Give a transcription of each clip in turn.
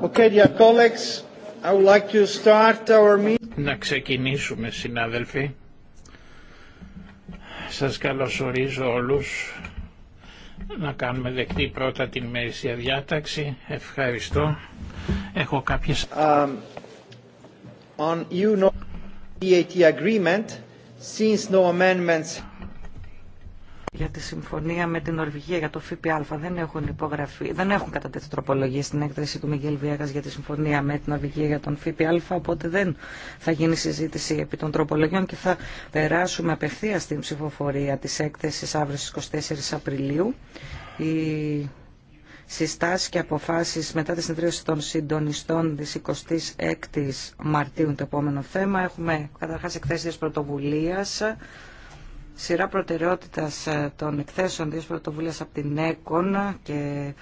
Okay, dear colleagues, I would like to start our meeting. Να ξεκινήσουμε, συνάδελφοι. Σας καλωσορίζω όλους. Να κάνουμε δεκτή πρώτα την μέρησια διάταξη. Ευχαριστώ. Έχω κάποιες... Um, on you know, the agreement, since no amendments για τη συμφωνία με την Νορβηγία για το ΦΠΑ δεν έχουν υπογραφεί, δεν έχουν κατατεθεί τροπολογία στην έκθεση του Μιγγέλ Βιέγα για τη συμφωνία με την Νορβηγία για τον ΦΠΑ, οπότε δεν θα γίνει συζήτηση επί των τροπολογιών και θα περάσουμε απευθεία στην ψηφοφορία τη έκθεση αύριο στι 24 Απριλίου. Οι συστάσει και αποφάσεις μετά τη συνεδρίαση των συντονιστών της 26 Μαρτίου το επόμενο θέμα. Έχουμε καταρχάς εκθέσει πρωτοβουλίας σειρά προτεραιότητας ε, των εκθέσεων δύο πρωτοβουλίας από την ΕΚΟΝ και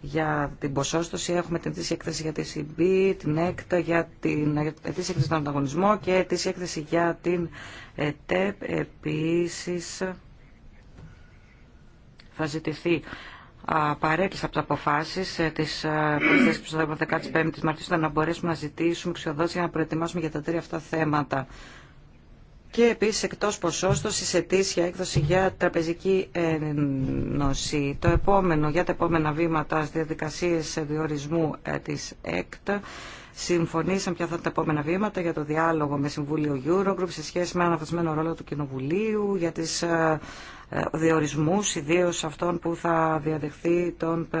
για την ποσόστοση έχουμε την αιτήσια έκθεση για τη ΣΥΜΠΗ, την ΕΚΤΑ για την αιτήσια έκθεση τον ανταγωνισμό και αιτήσια έκθεση για την ΕΤΕΠ. Επίσης θα ζητηθεί παρέκκληση από τι αποφάσει τη Πολιτική Ψηφοδέλφου 15η Μαρτίου, ώστε να μπορέσουμε να ζητήσουμε εξοδότηση για να προετοιμάσουμε για τα τρία αυτά θέματα και επίσης εκτός ποσόστοσης ετήσια έκδοση για τραπεζική ένωση. Το επόμενο, για τα επόμενα βήματα στις διαδικασίες διορισμού ε, της ΕΚΤ συμφωνήσαν ποια θα είναι τα επόμενα βήματα για το διάλογο με Συμβούλιο Eurogroup σε σχέση με αναβασμένο ρόλο του Κοινοβουλίου, για τις ε, ε, διορισμούς, ιδίως αυτών που θα διαδεχθεί τον ε,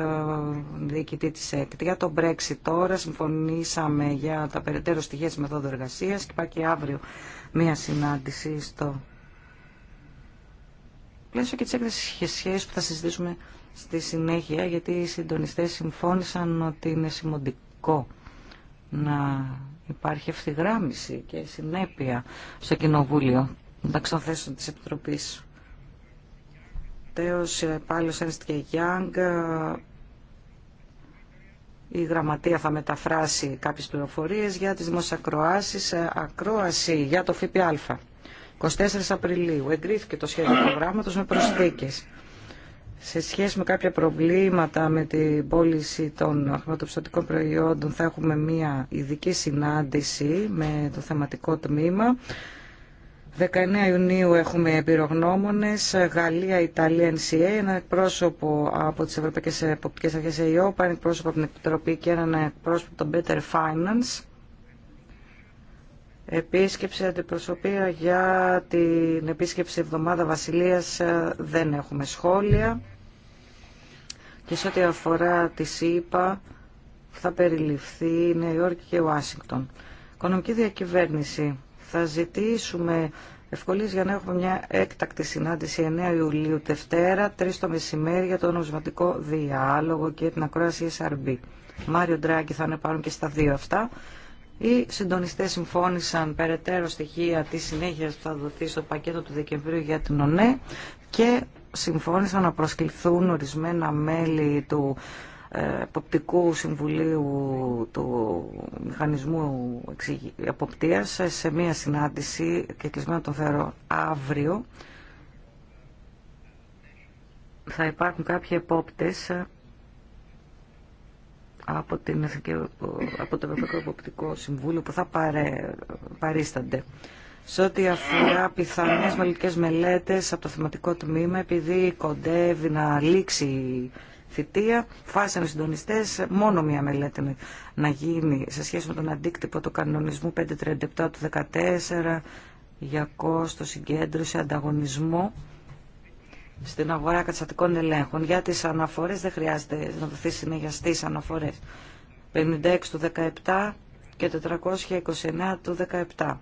διοικητή της ΕΚ. Για τον Brexit τώρα συμφωνήσαμε για τα περαιτέρω στοιχεία της μεθόδου εργασίας και υπάρχει και αύριο μία συνάντηση στο πλαίσιο και τις έκθεση σχέσεις που θα συζητήσουμε στη συνέχεια, γιατί οι συντονιστές συμφώνησαν ότι είναι σημαντικό να υπάρχει ευθυγράμμιση και συνέπεια στο Κοινοβούλιο μεταξύ των θέσεων της Επιτροπής τελευταίος ε, πάλι Ernst και ε, Η γραμματεία θα μεταφράσει κάποιες πληροφορίες για τις δημοσιακροάσεις. Ε, ακρόαση για το ΦΠΑ. 24 Απριλίου εγκρίθηκε το σχέδιο προγράμματος με προσθήκες. Σε σχέση με κάποια προβλήματα με την πώληση των χρηματοπιστωτικών προϊόντων θα έχουμε μία ειδική συνάντηση με το θεματικό τμήμα. 19 Ιουνίου έχουμε εμπειρογνώμονε. Γαλλία, Ιταλία, NCA, ένα εκπρόσωπο από τι Ευρωπαϊκέ Εποπτικέ Αρχέ ΕΙΟΠΑ, ένα εκπρόσωπο από την Επιτροπή και έναν εκπρόσωπο από το Better Finance. Επίσκεψη αντιπροσωπεία για την επίσκεψη εβδομάδα Βασιλείας ε, δεν έχουμε σχόλια. Και σε ό,τι αφορά τη ΣΥΠΑ θα περιληφθεί η Νέα Υόρκη και η Ουάσιγκτον. Οικονομική διακυβέρνηση. Θα ζητήσουμε ευκολίες για να έχουμε μια έκτακτη συνάντηση 9 Ιουλίου Δευτέρα, 3 το μεσημέρι για το νομισματικό διάλογο και την ακρόαση SRB. Μάριο Ντράγκη θα είναι πάρουν και στα δύο αυτά. Οι συντονιστές συμφώνησαν περαιτέρω στοιχεία τη συνέχεια που θα δοθεί στο πακέτο του Δεκεμβρίου για την ΟΝΕ και συμφώνησαν να προσκληθούν ορισμένα μέλη του ε, Εποπτικού Συμβουλίου του Μηχανισμού Εποπτείας σε μία συνάντηση και κλεισμένο τον θεωρώ αύριο θα υπάρχουν κάποιοι επόπτες ε, από, την, από το Ευρωπαϊκό Εποπτικό Συμβούλιο που θα παρέ, παρίστανται. Σε ό,τι αφορά πιθανές μελικές μελέτες από το θεματικό τμήμα, επειδή κοντεύει να λήξει θητεία, φάση συντονιστέ, μόνο μία μελέτη να γίνει σε σχέση με τον αντίκτυπο του κανονισμού 537 του 2014 για κόστος, συγκέντρωση, ανταγωνισμό στην αγορά καταστατικών ελέγχων. Για τι αναφορές δεν χρειάζεται να δοθεί συνέχεια στι αναφορές. 56 του 17 και 429 του 17.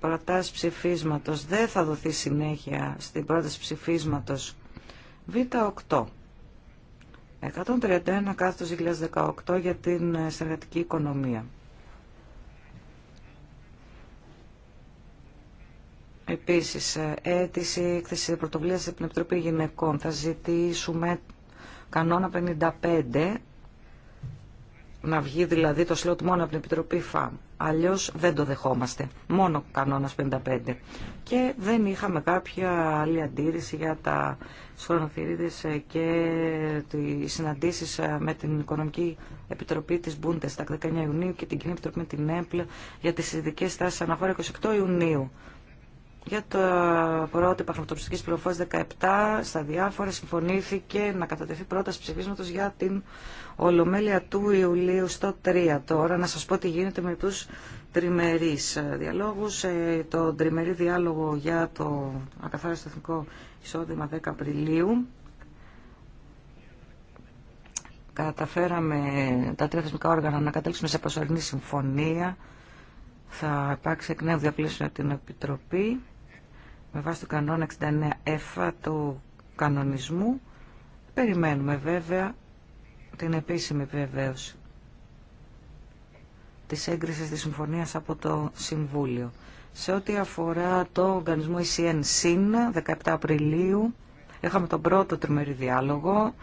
Προτάσει ψηφίσματος. Δεν θα δοθεί συνέχεια στην πρόταση ψηφίσματος Β8. 131 κάθετος 2018 για την ε, συνεργατική οικονομία. Επίσης, ε, αίτηση έκθεση πρωτοβουλία στην Επιτροπή Γυναικών. Θα ζητήσουμε κανόνα 55 να βγει δηλαδή το σλότ μόνο από την Επιτροπή ΦΑΜ. Αλλιώ δεν το δεχόμαστε. Μόνο κανόνα 55. Και δεν είχαμε κάποια άλλη αντίρρηση για τα σχολονοθυρίδε ε, και τι συναντήσει ε, με την Οικονομική Επιτροπή τη Μπούντε τα 19 Ιουνίου και την Κοινή Επιτροπή με την ΕΜΠΛ για τι ειδικέ τάσει αναχώρα 28 Ιουνίου. Για το πρότυπο χρηματοπιστικής πληροφόρηση 17, στα διάφορα συμφωνήθηκε να κατατεθεί πρόταση ψηφίσματος για την Ολομέλεια του Ιουλίου στο 3. Τώρα να σας πω τι γίνεται με τους τριμερείς διαλόγους. Ε, το τριμερή διάλογο για το ακαθάριστο εθνικό εισόδημα 10 Απριλίου. Καταφέραμε τα τρία θεσμικά όργανα να καταλήξουμε σε προσωρινή συμφωνία. Θα υπάρξει εκ νέου διαπλήσεων την Επιτροπή με βάση το κανόνα 69F του κανονισμού. Περιμένουμε βέβαια την επίσημη βεβαίωση της έγκρισης της συμφωνίας από το Συμβούλιο. Σε ό,τι αφορά το οργανισμό ECN-SIN, 17 Απριλίου, είχαμε τον πρώτο τριμερή διάλογο.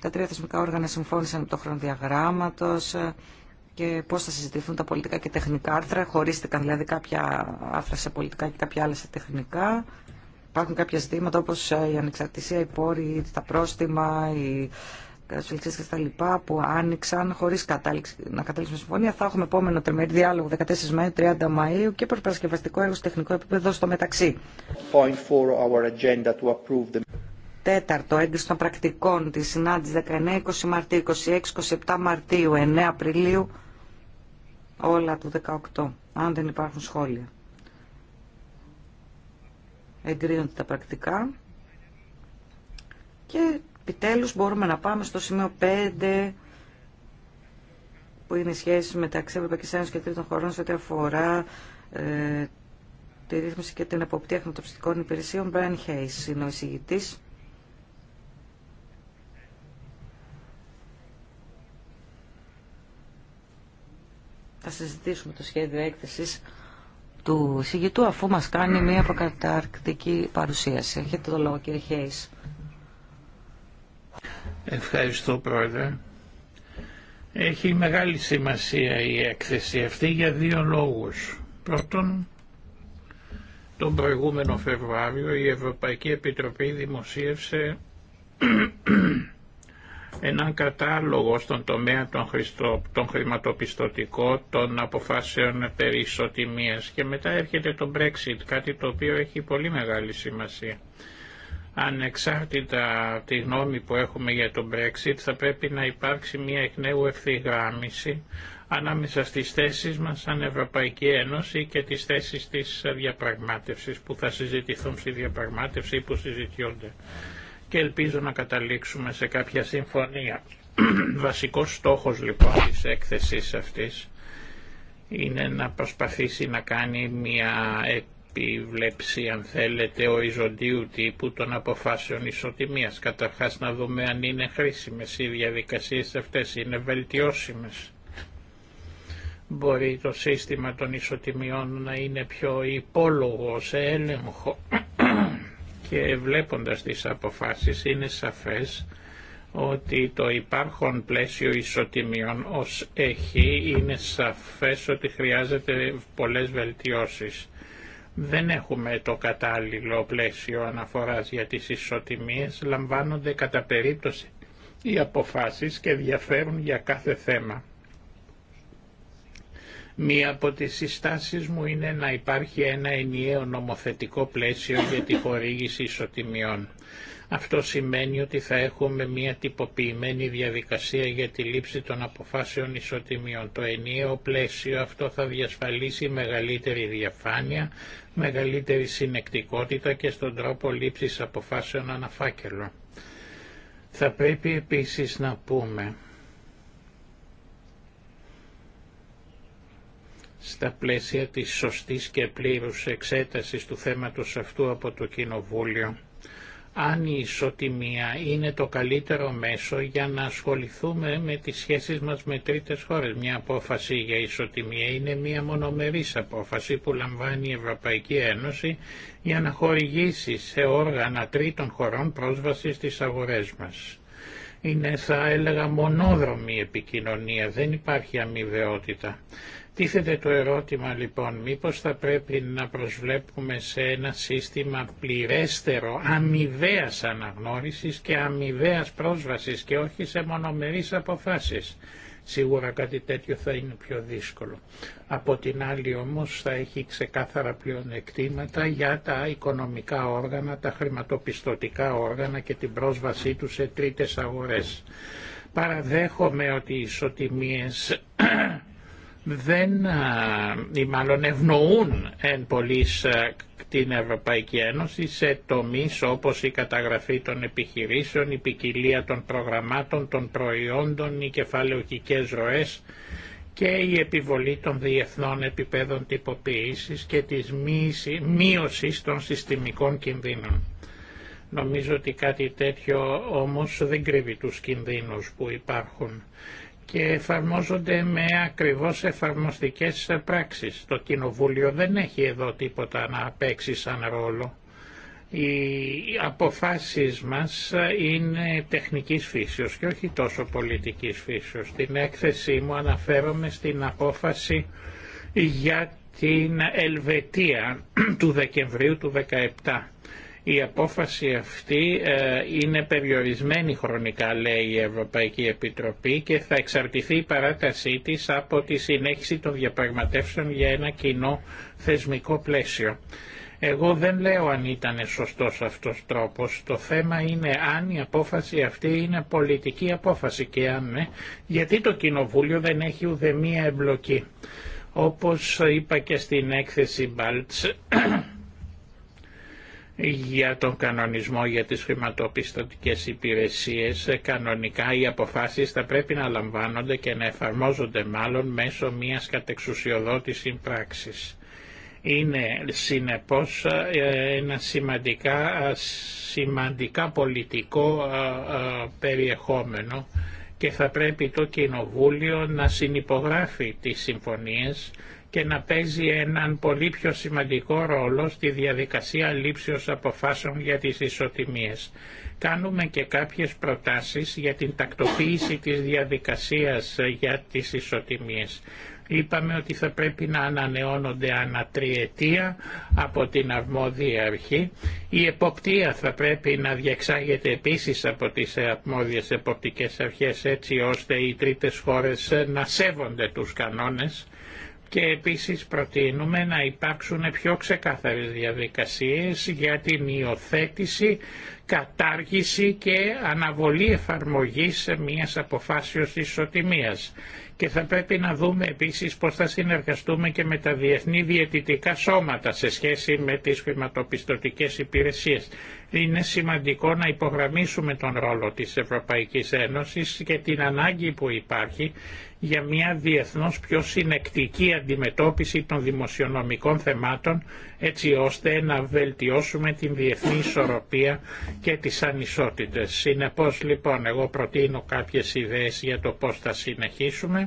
Τα τρία θεσμικά όργανα συμφώνησαν με το χρονοδιαγράμματος, και πώς θα συζητηθούν τα πολιτικά και τεχνικά άρθρα. Χωρίστηκαν δηλαδή κάποια άρθρα σε πολιτικά και κάποια άλλα σε τεχνικά. Υπάρχουν κάποια ζητήματα όπως ε, η ανεξαρτησία, οι πόροι, τα πρόστιμα, οι κατασφαλιστές και τα λοιπά που άνοιξαν χωρίς κατάληξη, να καταλήξουμε συμφωνία. Θα έχουμε επόμενο τριμερή διάλογο 14 Μαΐου, 30 Μαΐου και προπαρασκευαστικό έργο σε τεχνικό επίπεδο στο μεταξύ. Τέταρτο, έγκριση των πρακτικών της συνάντησης 19-20 Μαρτίου, 26-27 Μαρτίου, 9 Απριλίου, όλα του 18, αν δεν υπάρχουν σχόλια. Εγκρίνονται τα πρακτικά. Και επιτέλους μπορούμε να πάμε στο σημείο 5 που είναι η σχέση μεταξύ Ευρωπαϊκής Ένωσης και Τρίτων χωρών σε ό,τι αφορά ε, τη ρύθμιση και την εποπτεία χρηματοπιστικών υπηρεσιών. Brian Hayes είναι ο εισηγητής. Θα συζητήσουμε το σχέδιο έκθεσης του συγγητού αφού μας κάνει μια αποκαταρκτική παρουσίαση. Έχετε το λόγο κύριε Χέις; Ευχαριστώ πρόεδρε. Έχει μεγάλη σημασία η έκθεση αυτή για δύο λόγους. Πρώτον, τον προηγούμενο Φεβρουάριο η Ευρωπαϊκή Επιτροπή δημοσίευσε έναν κατάλογο στον τομέα των, των χρηματοπιστωτικών των αποφάσεων περί ισοτιμίας. και μετά έρχεται το Brexit, κάτι το οποίο έχει πολύ μεγάλη σημασία. Ανεξάρτητα τη γνώμη που έχουμε για το Brexit θα πρέπει να υπάρξει μια εκ νέου ευθυγράμμιση ανάμεσα στις θέσεις μας σαν Ευρωπαϊκή Ένωση και τις θέσεις της διαπραγμάτευσης που θα συζητηθούν στη διαπραγμάτευση ή που συζητιούνται ελπίζω να καταλήξουμε σε κάποια συμφωνία. Βασικός στόχος λοιπόν της έκθεσης αυτής είναι να προσπαθήσει να κάνει μια επιβλέψη αν θέλετε ο οριζοντίου τύπου των αποφάσεων ισοτιμίας. Καταρχάς να δούμε αν είναι χρήσιμες οι διαδικασίες αυτές, είναι βελτιώσιμες. Μπορεί το σύστημα των ισοτιμιών να είναι πιο υπόλογο σε έλεγχο και βλέποντας τις αποφάσεις είναι σαφές ότι το υπάρχον πλαίσιο ισοτιμιών ως έχει είναι σαφές ότι χρειάζεται πολλές βελτιώσεις. Δεν έχουμε το κατάλληλο πλαίσιο αναφοράς για τις ισοτιμίες, λαμβάνονται κατά περίπτωση οι αποφάσεις και διαφέρουν για κάθε θέμα. Μία από τις συστάσεις μου είναι να υπάρχει ένα ενιαίο νομοθετικό πλαίσιο για τη χορήγηση ισοτιμιών. Αυτό σημαίνει ότι θα έχουμε μία τυποποιημένη διαδικασία για τη λήψη των αποφάσεων ισοτιμιών. Το ενιαίο πλαίσιο αυτό θα διασφαλίσει μεγαλύτερη διαφάνεια, μεγαλύτερη συνεκτικότητα και στον τρόπο λήψης αποφάσεων αναφάκελων. Θα πρέπει επίσης να πούμε στα πλαίσια της σωστής και πλήρους εξέτασης του θέματος αυτού από το Κοινοβούλιο αν η ισοτιμία είναι το καλύτερο μέσο για να ασχοληθούμε με τις σχέσεις μας με τρίτες χώρες. Μια απόφαση για ισοτιμία είναι μια μονομερής απόφαση που λαμβάνει η Ευρωπαϊκή Ένωση για να χορηγήσει σε όργανα τρίτων χωρών πρόσβαση στις αγορές μας. Είναι θα έλεγα μονόδρομη επικοινωνία, δεν υπάρχει αμοιβαιότητα. Τίθεται το ερώτημα λοιπόν μήπως θα πρέπει να προσβλέπουμε σε ένα σύστημα πληρέστερο αμοιβαίας αναγνώρισης και αμοιβαίας πρόσβασης και όχι σε μονομερείς αποφάσεις. Σίγουρα κάτι τέτοιο θα είναι πιο δύσκολο. Από την άλλη όμως θα έχει ξεκάθαρα πλεονεκτήματα για τα οικονομικά όργανα, τα χρηματοπιστωτικά όργανα και την πρόσβασή τους σε τρίτες αγορές. Παραδέχομαι ότι οι ισοτιμίες δεν ή μάλλον ευνοούν εν πολλής την Ευρωπαϊκή Ένωση σε τομείς όπως η καταγραφή των επιχειρήσεων, η ποικιλία των προγραμμάτων, των προϊόντων, οι κεφαλαιοκικές ροές και η επιβολή των διεθνών επιπέδων τυποποίησης και της μείωσης των συστημικών κινδύνων. Νομίζω ότι κάτι τέτοιο όμως δεν κρύβει τους κινδύνους που υπάρχουν και εφαρμόζονται με ακριβώς εφαρμοστικές πράξεις. Το Κοινοβούλιο δεν έχει εδώ τίποτα να παίξει σαν ρόλο. Οι αποφάσεις μας είναι τεχνικής φύσεως και όχι τόσο πολιτικής φύσεως. Στην έκθεσή μου αναφέρομαι στην απόφαση για την Ελβετία του Δεκεμβρίου του 2017 η απόφαση αυτή ε, είναι περιορισμένη χρονικά, λέει η Ευρωπαϊκή Επιτροπή, και θα εξαρτηθεί η παράτασή της από τη συνέχιση των διαπραγματεύσεων για ένα κοινό θεσμικό πλαίσιο. Εγώ δεν λέω αν ήταν σωστός αυτός τρόπος. Το θέμα είναι αν η απόφαση αυτή είναι πολιτική απόφαση και αν ναι, γιατί το Κοινοβούλιο δεν έχει ουδεμία εμπλοκή. Όπως είπα και στην έκθεση Μπάλτς, για τον κανονισμό για τις χρηματοπιστωτικές υπηρεσίες κανονικά οι αποφάσεις θα πρέπει να λαμβάνονται και να εφαρμόζονται μάλλον μέσω μιας κατεξουσιοδότησης πράξης. Είναι συνεπώς ε, ένα σημαντικά, σημαντικά πολιτικό ε, ε, περιεχόμενο και θα πρέπει το Κοινοβούλιο να συνυπογράφει τις συμφωνίες και να παίζει έναν πολύ πιο σημαντικό ρόλο στη διαδικασία λήψεως αποφάσεων για τις ισοτιμίες. Κάνουμε και κάποιες προτάσεις για την τακτοποίηση της διαδικασίας ε, για τις ισοτιμίες. Είπαμε ότι θα πρέπει να ανανεώνονται ανά από την αρμόδια αρχή. Η εποπτεία θα πρέπει να διεξάγεται επίσης από τις αρμόδιες εποπτικές αρχές έτσι ώστε οι τρίτες χώρες ε, να σέβονται τους κανόνες και επίσης προτείνουμε να υπάρξουν πιο ξεκάθαρες διαδικασίες για την υιοθέτηση, κατάργηση και αναβολή εφαρμογής μιας αποφάσεως ισοτιμίας. Και θα πρέπει να δούμε επίσης πώς θα συνεργαστούμε και με τα διεθνή διαιτητικά σώματα σε σχέση με τις χρηματοπιστωτικές υπηρεσίες. Είναι σημαντικό να υπογραμμίσουμε τον ρόλο της Ευρωπαϊκής Ένωσης και την ανάγκη που υπάρχει για μια διεθνώς πιο συνεκτική αντιμετώπιση των δημοσιονομικών θεμάτων έτσι ώστε να βελτιώσουμε την διεθνή ισορροπία και τις ανισότητες. Συνεπώς λοιπόν εγώ προτείνω κάποιες ιδέες για το πώς θα συνεχίσουμε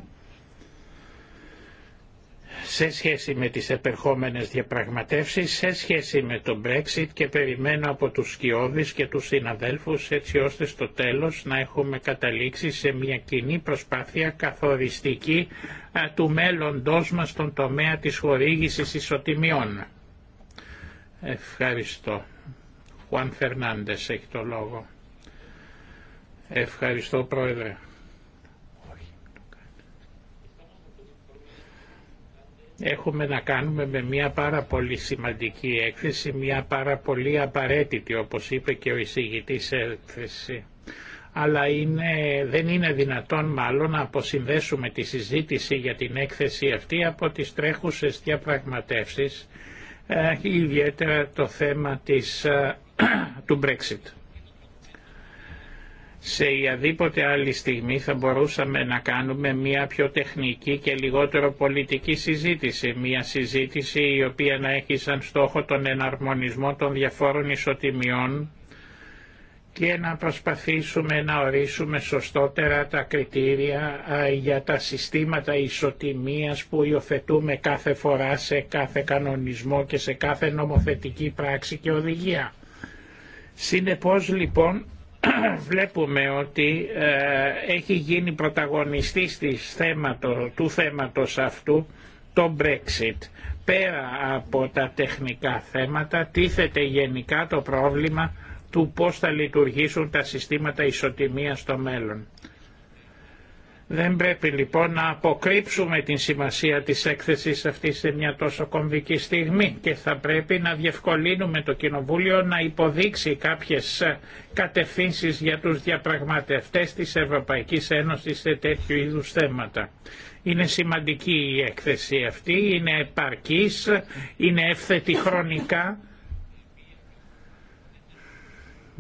σε σχέση με τις επερχόμενες διαπραγματεύσεις, σε σχέση με το Brexit και περιμένω από τους σκιώδεις και τους συναδέλφους έτσι ώστε στο τέλος να έχουμε καταλήξει σε μια κοινή προσπάθεια καθοριστική του μέλλοντός μας στον τομέα της χορήγησης ισοτιμιών. Ευχαριστώ. Χουάν Φερνάντες έχει το λόγο. Ευχαριστώ Πρόεδρε. έχουμε να κάνουμε με μια πάρα πολύ σημαντική έκθεση, μια πάρα πολύ απαραίτητη όπως είπε και ο εισηγητής έκθεση. Αλλά είναι, δεν είναι δυνατόν μάλλον να αποσυνδέσουμε τη συζήτηση για την έκθεση αυτή από τις τρέχουσες διαπραγματεύσεις, ε, ιδιαίτερα το θέμα της, ε, του Brexit σε οποιαδήποτε άλλη στιγμή θα μπορούσαμε να κάνουμε μια πιο τεχνική και λιγότερο πολιτική συζήτηση. Μια συζήτηση η οποία να έχει σαν στόχο τον εναρμονισμό των διαφόρων ισοτιμιών και να προσπαθήσουμε να ορίσουμε σωστότερα τα κριτήρια για τα συστήματα ισοτιμίας που υιοθετούμε κάθε φορά σε κάθε κανονισμό και σε κάθε νομοθετική πράξη και οδηγία. Συνεπώς λοιπόν βλέπουμε ότι ε, έχει γίνει πρωταγωνιστής της θέματο, του θέματος αυτού το Brexit. Πέρα από τα τεχνικά θέματα τίθεται γενικά το πρόβλημα του πώς θα λειτουργήσουν τα συστήματα ισοτιμίας στο μέλλον. Δεν πρέπει λοιπόν να αποκρύψουμε την σημασία της έκθεσης αυτής σε μια τόσο κομβική στιγμή και θα πρέπει να διευκολύνουμε το Κοινοβούλιο να υποδείξει κάποιες ε, κατευθύνσεις για τους διαπραγματευτές της Ευρωπαϊκής Ένωσης σε τέτοιου είδους θέματα. Είναι σημαντική η έκθεση αυτή, είναι επαρκής, είναι εύθετη χρονικά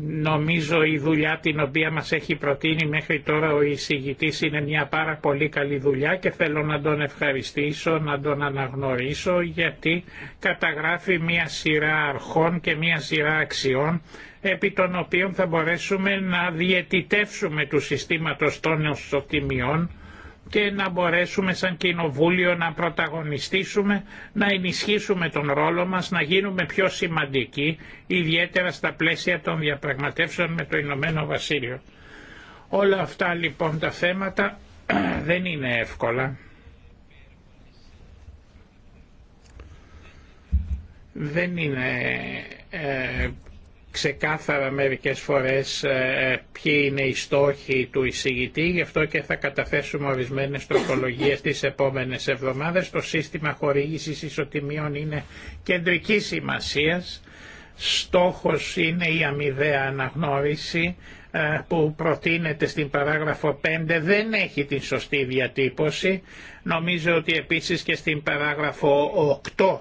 Νομίζω η δουλειά την οποία μας έχει προτείνει μέχρι τώρα ο εισηγητής είναι μια πάρα πολύ καλή δουλειά και θέλω να τον ευχαριστήσω, να τον αναγνωρίσω γιατί καταγράφει μια σειρά αρχών και μια σειρά αξιών επί των οποίων θα μπορέσουμε να διαιτητεύσουμε του συστήματος των νοσοτιμιών και να μπορέσουμε σαν κοινοβούλιο να πρωταγωνιστήσουμε, να ενισχύσουμε τον ρόλο μας, να γίνουμε πιο σημαντικοί, ιδιαίτερα στα πλαίσια των διαπραγματεύσεων με το Ηνωμένο Βασίλειο. Όλα αυτά λοιπόν τα θέματα δεν είναι εύκολα. Δεν είναι ε, ξεκάθαρα μερικές φορές ε, ε, ποιοι είναι οι στόχοι του εισηγητή, γι' αυτό και θα καταθέσουμε ορισμένες τροπολογίες τις επόμενες εβδομάδες. Το σύστημα χορήγησης ισοτιμίων είναι κεντρική σημασίας. Στόχος είναι η αμοιβαία αναγνώριση ε, που προτείνεται στην παράγραφο 5 δεν έχει την σωστή διατύπωση. Νομίζω ότι επίσης και στην παράγραφο 8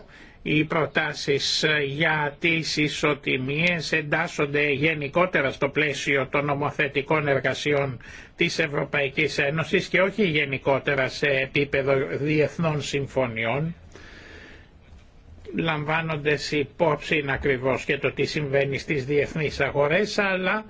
οι προτάσεις ε, για τις ισοτιμίες εντάσσονται γενικότερα στο πλαίσιο των νομοθετικών εργασιών της Ευρωπαϊκής Ένωσης και όχι γενικότερα σε επίπεδο διεθνών συμφωνιών λαμβάνονται υπόψη ακριβώς και το τι συμβαίνει στις διεθνείς αγορές, αλλά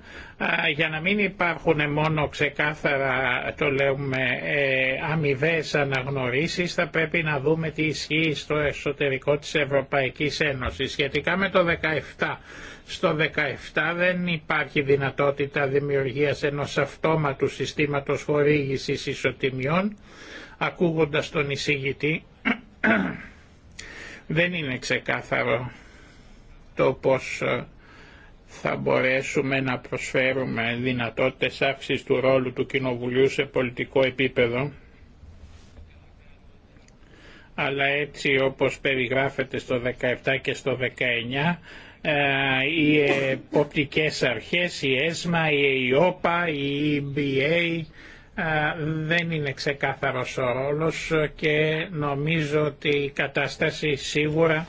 για να μην υπάρχουν μόνο ξεκάθαρα, το λέμε, ε, αμοιβέ αναγνωρίσεις, θα πρέπει να δούμε τι ισχύει στο εσωτερικό της Ευρωπαϊκής Ένωσης. Σχετικά με το 17, στο 17 δεν υπάρχει δυνατότητα δημιουργίας ενός αυτόματου συστήματος χορήγησης ισοτιμιών, ακούγοντας τον εισηγητή δεν είναι ξεκάθαρο το πώς ε, θα μπορέσουμε να προσφέρουμε δυνατότητες αύξησης του ρόλου του Κοινοβουλίου σε πολιτικό επίπεδο, αλλά έτσι όπως περιγράφεται στο 17 και στο 19, ε, οι εποπτικές αρχές, η ΕΣΜΑ, η ΕΙΟΠΑ, η EBA, δεν είναι ξεκάθαρος ο ρόλος και νομίζω ότι η κατάσταση σίγουρα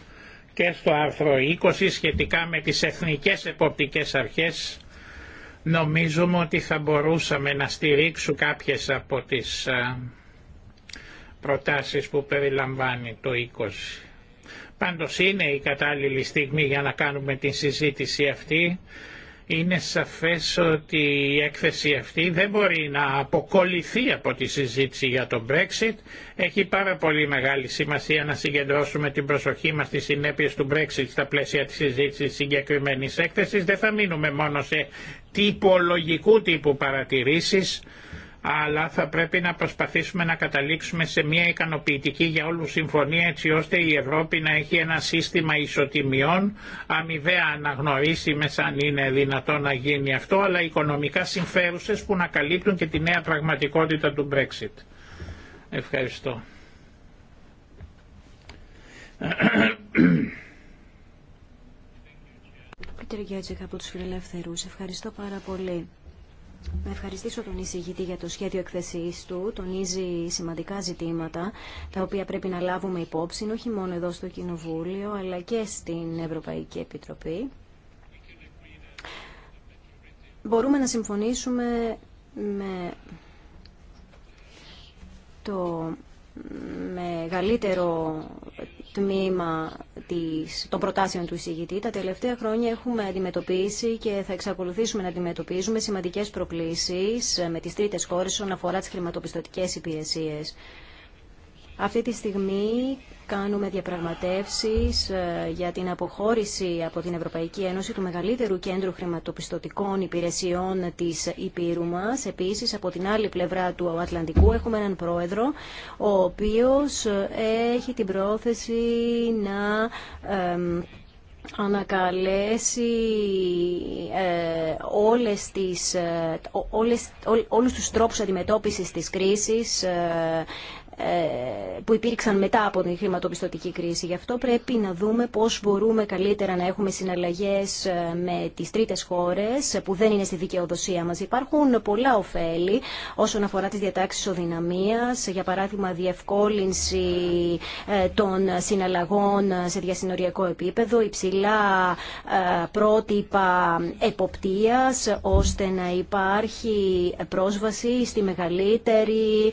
και στο άρθρο 20 σχετικά με τις εθνικές εποπτικές αρχές νομίζουμε ότι θα μπορούσαμε να στηρίξουμε κάποιες από τις προτάσεις που περιλαμβάνει το 20. Πάντως είναι η κατάλληλη στιγμή για να κάνουμε την συζήτηση αυτή είναι σαφές ότι η έκθεση αυτή δεν μπορεί να αποκολληθεί από τη συζήτηση για το Brexit. Έχει πάρα πολύ μεγάλη σημασία να συγκεντρώσουμε την προσοχή μας στις συνέπειες του Brexit στα πλαίσια της συζήτησης συγκεκριμένης έκθεσης. Δεν θα μείνουμε μόνο σε τυπολογικού τύπου παρατηρήσεις αλλά θα πρέπει να προσπαθήσουμε να καταλήξουμε σε μια ικανοποιητική για όλους συμφωνία έτσι ώστε η Ευρώπη να έχει ένα σύστημα ισοτιμιών αμοιβαία αναγνωρίσιμες αν είναι δυνατό να γίνει αυτό αλλά οικονομικά συμφέρουσες που να καλύπτουν και τη νέα πραγματικότητα του Brexit. Ευχαριστώ. Κύριε Γιάτσεκ από τους Φιλελεύθερους, ευχαριστώ πάρα πολύ. Να ευχαριστήσω τον εισηγητή για το σχέδιο εκθεσής του. Τονίζει σημαντικά ζητήματα τα οποία πρέπει να λάβουμε υπόψη, όχι μόνο εδώ στο Κοινοβούλιο, αλλά και στην Ευρωπαϊκή Επιτροπή. Μπορούμε να συμφωνήσουμε με το μεγαλύτερο τμήμα της, των προτάσεων του εισηγητή. Τα τελευταία χρόνια έχουμε αντιμετωπίσει και θα εξακολουθήσουμε να αντιμετωπίζουμε σημαντικές προκλήσεις με τις τρίτες χώρες όσον αφορά τις χρηματοπιστωτικές υπηρεσίες. Αυτή τη στιγμή κάνουμε διαπραγματεύσεις ε, για την αποχώρηση από την Ευρωπαϊκή Ένωση του μεγαλύτερου κέντρου χρηματοπιστωτικών υπηρεσιών της Υπήρου μας. Επίσης, από την άλλη πλευρά του Ατλαντικού έχουμε έναν πρόεδρο, ο οποίος ε, έχει την πρόθεση να ανακαλέσει ε, όλες τις, όλες, ό, όλους τους τρόπους αντιμετώπισης της κρίσης ε, που υπήρξαν μετά από την χρηματοπιστωτική κρίση. Γι' αυτό πρέπει να δούμε πώς μπορούμε καλύτερα να έχουμε συναλλαγές ε, με τις τρίτες χώρες ε, που δεν είναι στη δικαιοδοσία μας. Υπάρχουν πολλά ωφέλη όσον αφορά τις διατάξεις οδυναμίας, για παράδειγμα διευκόλυνση των συναλλαγών σε διασυνοριακό επίπεδο, υψηλά πρότυπα εποπτείας, ώστε να υπάρχει πρόσβαση στη μεγαλύτερη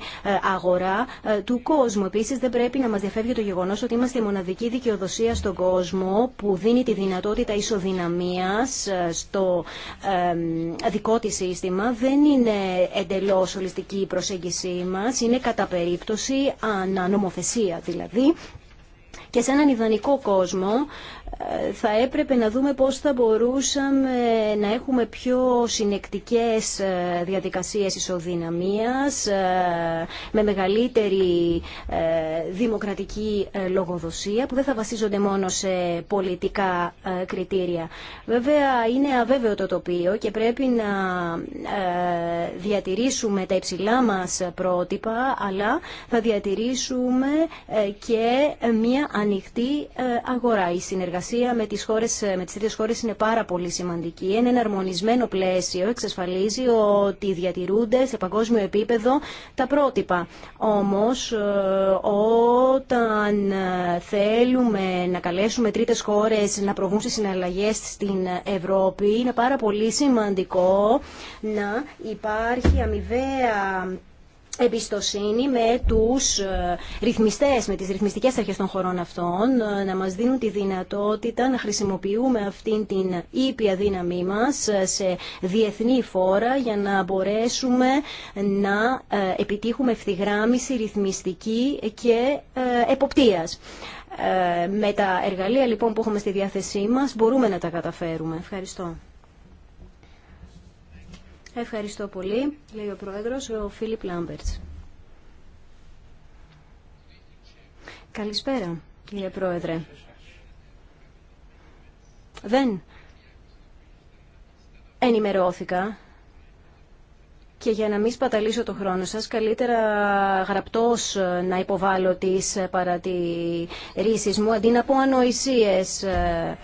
αγορά του κόσμου. Επίσης δεν πρέπει να μας διαφεύγει το γεγονό ότι είμαστε η μοναδική δικαιοδοσία στον κόσμο που δίνει τη δυνατότητα ισοδυναμίας ε, στο δικό τη σύστημα. Δεν είναι εντελώς ολιστική η προσέγγιση μας, είναι κατά περίπτωση ανανομοθεσία δηλαδή. Και σε έναν ιδανικό κόσμο θα έπρεπε να δούμε πώς θα μπορούσαμε να έχουμε πιο συνεκτικές ε, διαδικασίες ισοδυναμίας ε, με μεγαλύτερη ε, δημοκρατική λογοδοσία που δεν θα βασίζονται μόνο σε πολιτικά κριτήρια. Βέβαια είναι αβέβαιο το τοπίο και πρέπει να διατηρήσουμε τα υψηλά μας πρότυπα αλλά θα διατηρήσουμε και μια ανοιχτή αγορά. Η συνεργασία συνεργασία με τις, χώρες, με τις τρίτες χώρες είναι πάρα πολύ σημαντική. Είναι Ένα αρμονισμένο πλαίσιο εξασφαλίζει ότι διατηρούνται σε παγκόσμιο επίπεδο τα πρότυπα. Όμως ε, όταν ε, θέλουμε να καλέσουμε τρίτες χώρες να προβούν σε συναλλαγές στην Ευρώπη είναι πάρα πολύ σημαντικό να υπάρχει αμοιβαία εμπιστοσύνη με τους ε, ρυθμιστές, με τις ρυθμιστικές αρχές των χωρών αυτών, ε, να μας δίνουν τη δυνατότητα να χρησιμοποιούμε αυτήν την ήπια δύναμή μας ε, σε διεθνή φόρα για να μπορέσουμε να επιτύχουμε ευθυγράμμιση ρυθμιστική και εποπτείας. Με τα εργαλεία λοιπόν που έχουμε στη διάθεσή μας μπορούμε να τα καταφέρουμε. Ευχαριστώ. Ευχαριστώ πολύ, λέει ο Πρόεδρος, ο Φίλιπ Λάμπερτς. Καλησπέρα, κύριε Πρόεδρε. Δεν ενημερώθηκα και για να μην σπαταλήσω το χρόνο σας, καλύτερα γραπτός να υποβάλω τις παρατηρήσεις μου, αντί να πω ανοησίες ε,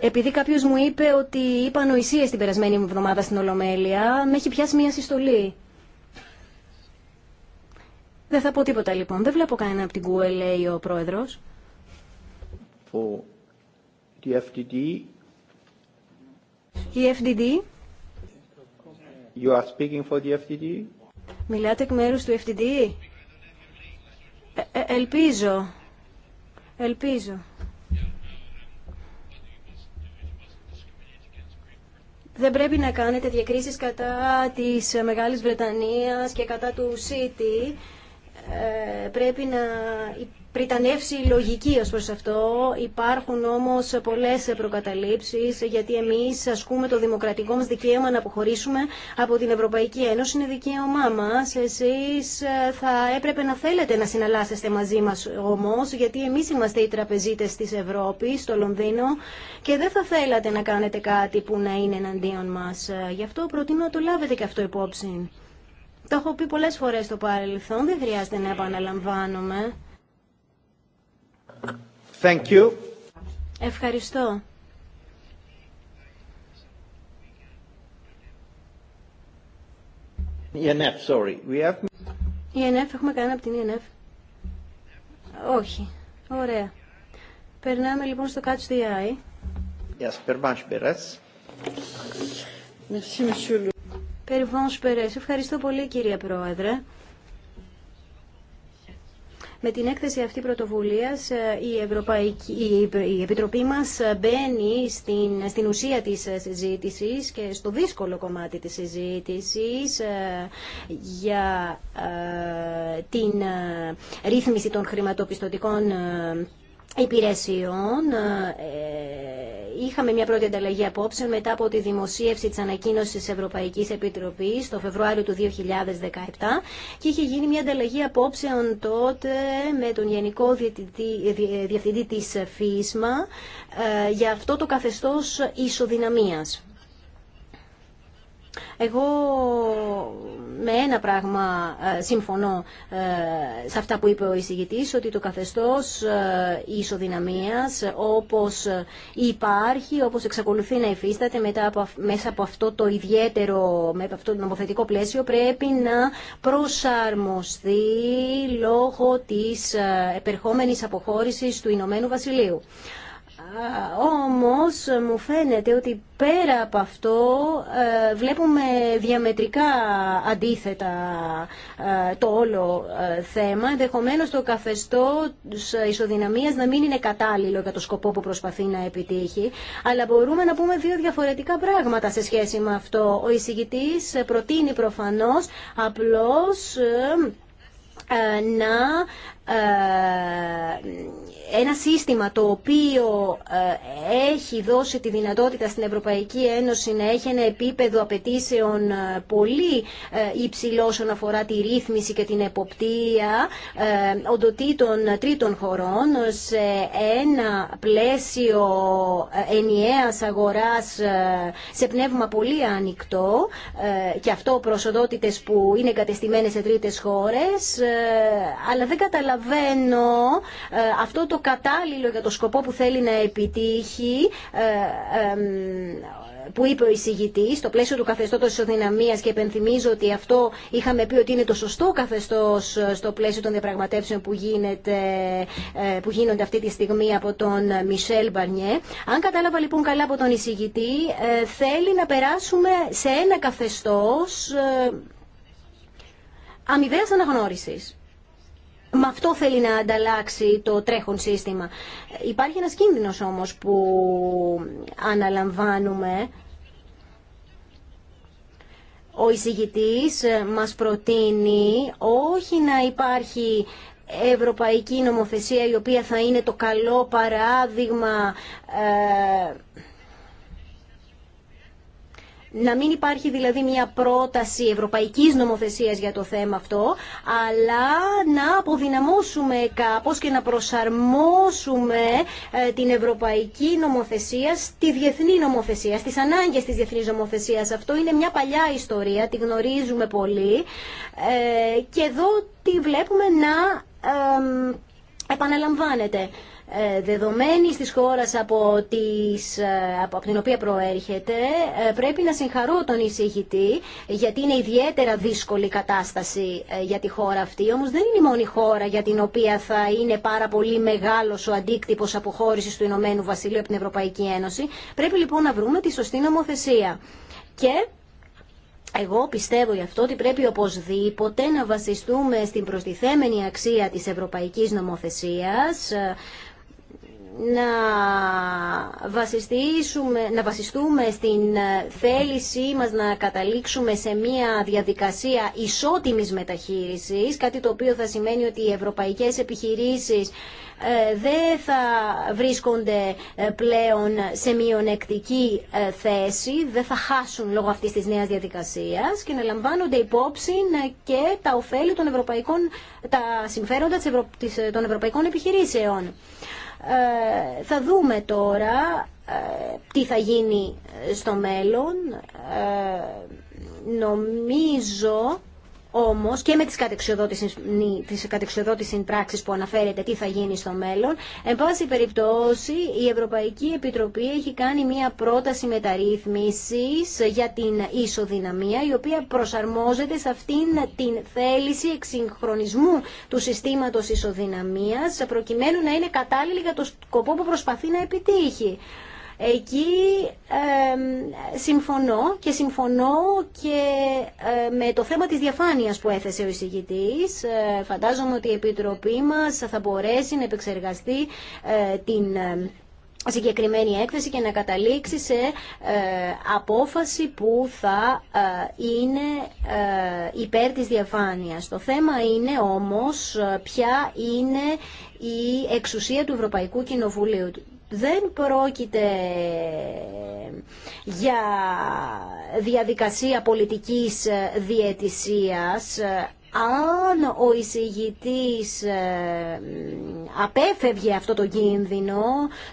επειδή κάποιο μου είπε ότι είπα νοησίε την περασμένη μου εβδομάδα στην Ολομέλεια, με έχει πιάσει μια συστολή. Δεν θα πω τίποτα λοιπόν. Δεν βλέπω κανένα από την Google, λέει ο πρόεδρο. Η FDD. You are speaking for the FDD. Μιλάτε εκ μέρου του FDD. Ε, ε, ελπίζω. Ελπίζω. δεν πρέπει να κάνετε διακρίσεις κατά της Μεγάλης Βρετανίας και κατά του City. Ε, πρέπει να πριτανεύσει η λογική ως προς αυτό. Υπάρχουν όμως πολλές προκαταλήψεις γιατί εμείς ασκούμε το δημοκρατικό μας δικαίωμα να αποχωρήσουμε από την Ευρωπαϊκή Ένωση. Είναι δικαίωμά μας. Εσείς ε, θα έπρεπε να θέλετε να συναλλάσσεστε μαζί μας όμως γιατί εμείς είμαστε οι τραπεζίτες της Ευρώπης στο Λονδίνο και δεν θα θέλατε να κάνετε κάτι που να είναι εναντίον μας. Ε, γι' αυτό προτείνω να το λάβετε και αυτό υπόψη. Το έχω πει πολλές φορές στο παρελθόν, δεν χρειάζεται να επαναλαμβάνομαι. Thank you. Ευχαριστώ. ENF, sorry. We have... ENF, έχουμε κανένα από την ENF. Όχι. Ωραία. Περνάμε λοιπόν στο Catch the Eye. Yes, Vance Perez. Merci, Monsieur. Vance Perez. Ευχαριστώ πολύ, κυρία Πρόεδρε. Με την έκθεση αυτή πρωτοβουλίας ε, η, Ευρωπαϊκή, η Επιτροπή μας μπαίνει στην, ουσία της ε, συζήτηση και στο δύσκολο κομμάτι της συζήτηση ε, για την ρύθμιση των χρηματοπιστωτικών υπηρεσιών. Ε, είχαμε μια πρώτη ανταλλαγή απόψεων μετά από τη δημοσίευση της ανακοίνωσης της Ευρωπαϊκής Επιτροπής το Φεβρουάριο του 2017 και είχε γίνει μια ανταλλαγή απόψεων τότε με τον Γενικό ε, Διευθυντή της ΦΙΣΜΑ ε, για αυτό το καθεστώς ισοδυναμίας. Εγώ με ένα πράγμα ε, συμφωνώ ε, σε αυτά που είπε ο εισηγητής, ότι το καθεστώς ε, ισοδυναμίας όπως υπάρχει, όπως εξακολουθεί να υφίσταται μετά μέσα από αυτό το ιδιαίτερο, με αυτό το νομοθετικό πλαίσιο, πρέπει να προσαρμοστεί λόγω της επερχόμενης αποχώρησης του Ηνωμένου Βασιλείου. Όμως μου φαίνεται ότι πέρα από αυτό ε, βλέπουμε διαμετρικά αντίθετα ε, το όλο ε, θέμα. Ενδεχομένως το καθεστώς ισοδυναμίας να μην είναι κατάλληλο για το σκοπό που προσπαθεί να επιτύχει. Αλλά μπορούμε να πούμε δύο διαφορετικά πράγματα σε σχέση με αυτό. Ο εισηγητής προτείνει προφανώς απλώς να ε, ένα σύστημα το οποίο ε, έχει δώσει τη δυνατότητα στην Ευρωπαϊκή Ένωση να έχει ένα επίπεδο απαιτήσεων ε, πολύ υψηλό όσον αφορά τη ρύθμιση και την εποπτεία οντοτήτων τρίτων χωρών σε ένα πλαίσιο ενιαίας αγοράς σε πνεύμα πολύ ανοιχτό και αυτό προς που είναι κατεστημένες σε τρίτες χώρες αλλά δεν καταλαβαίνω καταλαβαίνω ε, αυτό το κατάλληλο για το σκοπό που θέλει να επιτύχει ε, που είπε ο εισηγητή στο πλαίσιο του καθεστώτο ισοδυναμία και επενθυμίζω ότι αυτό είχαμε πει ότι είναι το σωστό καθεστώ ε, στο πλαίσιο των διαπραγματεύσεων που, γίνεται, που γίνονται αυτή τη στιγμή από τον Μισελ Μπαρνιέ. Αν κατάλαβα λοιπόν καλά από τον εισηγητή, θέλει να περάσουμε σε ένα καθεστώ αμοιβαία αναγνώριση με αυτό θέλει να ανταλλάξει το τρέχον σύστημα. Υπάρχει ένας κίνδυνος όμως που αναλαμβάνουμε. Ο εισηγητής μας προτείνει όχι να υπάρχει ευρωπαϊκή νομοθεσία η οποία θα είναι το καλό παράδειγμα ε, να μην υπάρχει δηλαδή μια πρόταση ευρωπαϊκής νομοθεσίας για το θέμα αυτό, αλλά να αποδυναμώσουμε κάπως και να προσαρμόσουμε ε, την ευρωπαϊκή νομοθεσία στη διεθνή νομοθεσία, στις ανάγκες της διεθνής νομοθεσίας. Αυτό είναι μια παλιά ιστορία, τη γνωρίζουμε πολύ ε, και εδώ τη βλέπουμε να επαναλαμβάνεται. Ε, δεδομένη της χώρας από, τις, ε, από, την οποία προέρχεται ε, πρέπει να συγχαρώ τον εισηγητή γιατί είναι ιδιαίτερα δύσκολη κατάσταση για τη χώρα αυτή όμως δεν είναι η μόνη χώρα για την οποία θα είναι πάρα πολύ μεγάλος ο αντίκτυπος αποχώρησης του Ηνωμένου Βασιλείου από την Ευρωπαϊκή Ένωση πρέπει λοιπόν να βρούμε τη σωστή νομοθεσία και εγώ πιστεύω γι' αυτό ότι πρέπει οπωσδήποτε να βασιστούμε στην προστιθέμενη αξία της ευρωπαϊκής νομοθεσίας να, βασιστήσουμε, να βασιστούμε στην ε, θέλησή μας να καταλήξουμε σε μια διαδικασία ισότιμης μεταχείρισης, κάτι το οποίο θα σημαίνει ότι οι ευρωπαϊκές επιχειρήσεις ε, δεν θα βρίσκονται ε, πλέον σε μειονεκτική ε, θέση, δεν θα χάσουν λόγω αυτής της νέας διαδικασίας και να λαμβάνονται υπόψη και τα ωφέλη των ευρωπαϊκών, τα συμφέροντα των ευρωπαϊκών επιχειρήσεων. Θα δούμε τώρα τι θα γίνει στο μέλλον. Νομίζω όμως και με τις κατεξοδότησης, τις που αναφέρεται τι θα γίνει στο μέλλον. Εν πάση περιπτώσει η Ευρωπαϊκή Επιτροπή έχει κάνει μια πρόταση μεταρρύθμισης για την ισοδυναμία η οποία προσαρμόζεται σε αυτήν την θέληση εξυγχρονισμού του συστήματος ισοδυναμίας προκειμένου να είναι κατάλληλη για το σκοπό που προσπαθεί να επιτύχει. Εκεί συμφωνώ και συμφωνώ και με το θέμα της διαφάνειας που έθεσε ο εισηγητής. Ε, φαντάζομαι ότι η Επιτροπή μας θα μπορέσει να επεξεργαστεί ε, την συγκεκριμένη έκθεση και να καταλήξει σε ε, απόφαση που θα είναι υπέρ της διαφάνειας. Το θέμα είναι όμως ποια είναι η εξουσία του Ευρωπαϊκού Κοινοβουλίου δεν πρόκειται για διαδικασία πολιτικής διαιτησίας αν ο εισηγητής ε, απέφευγε αυτό το κίνδυνο,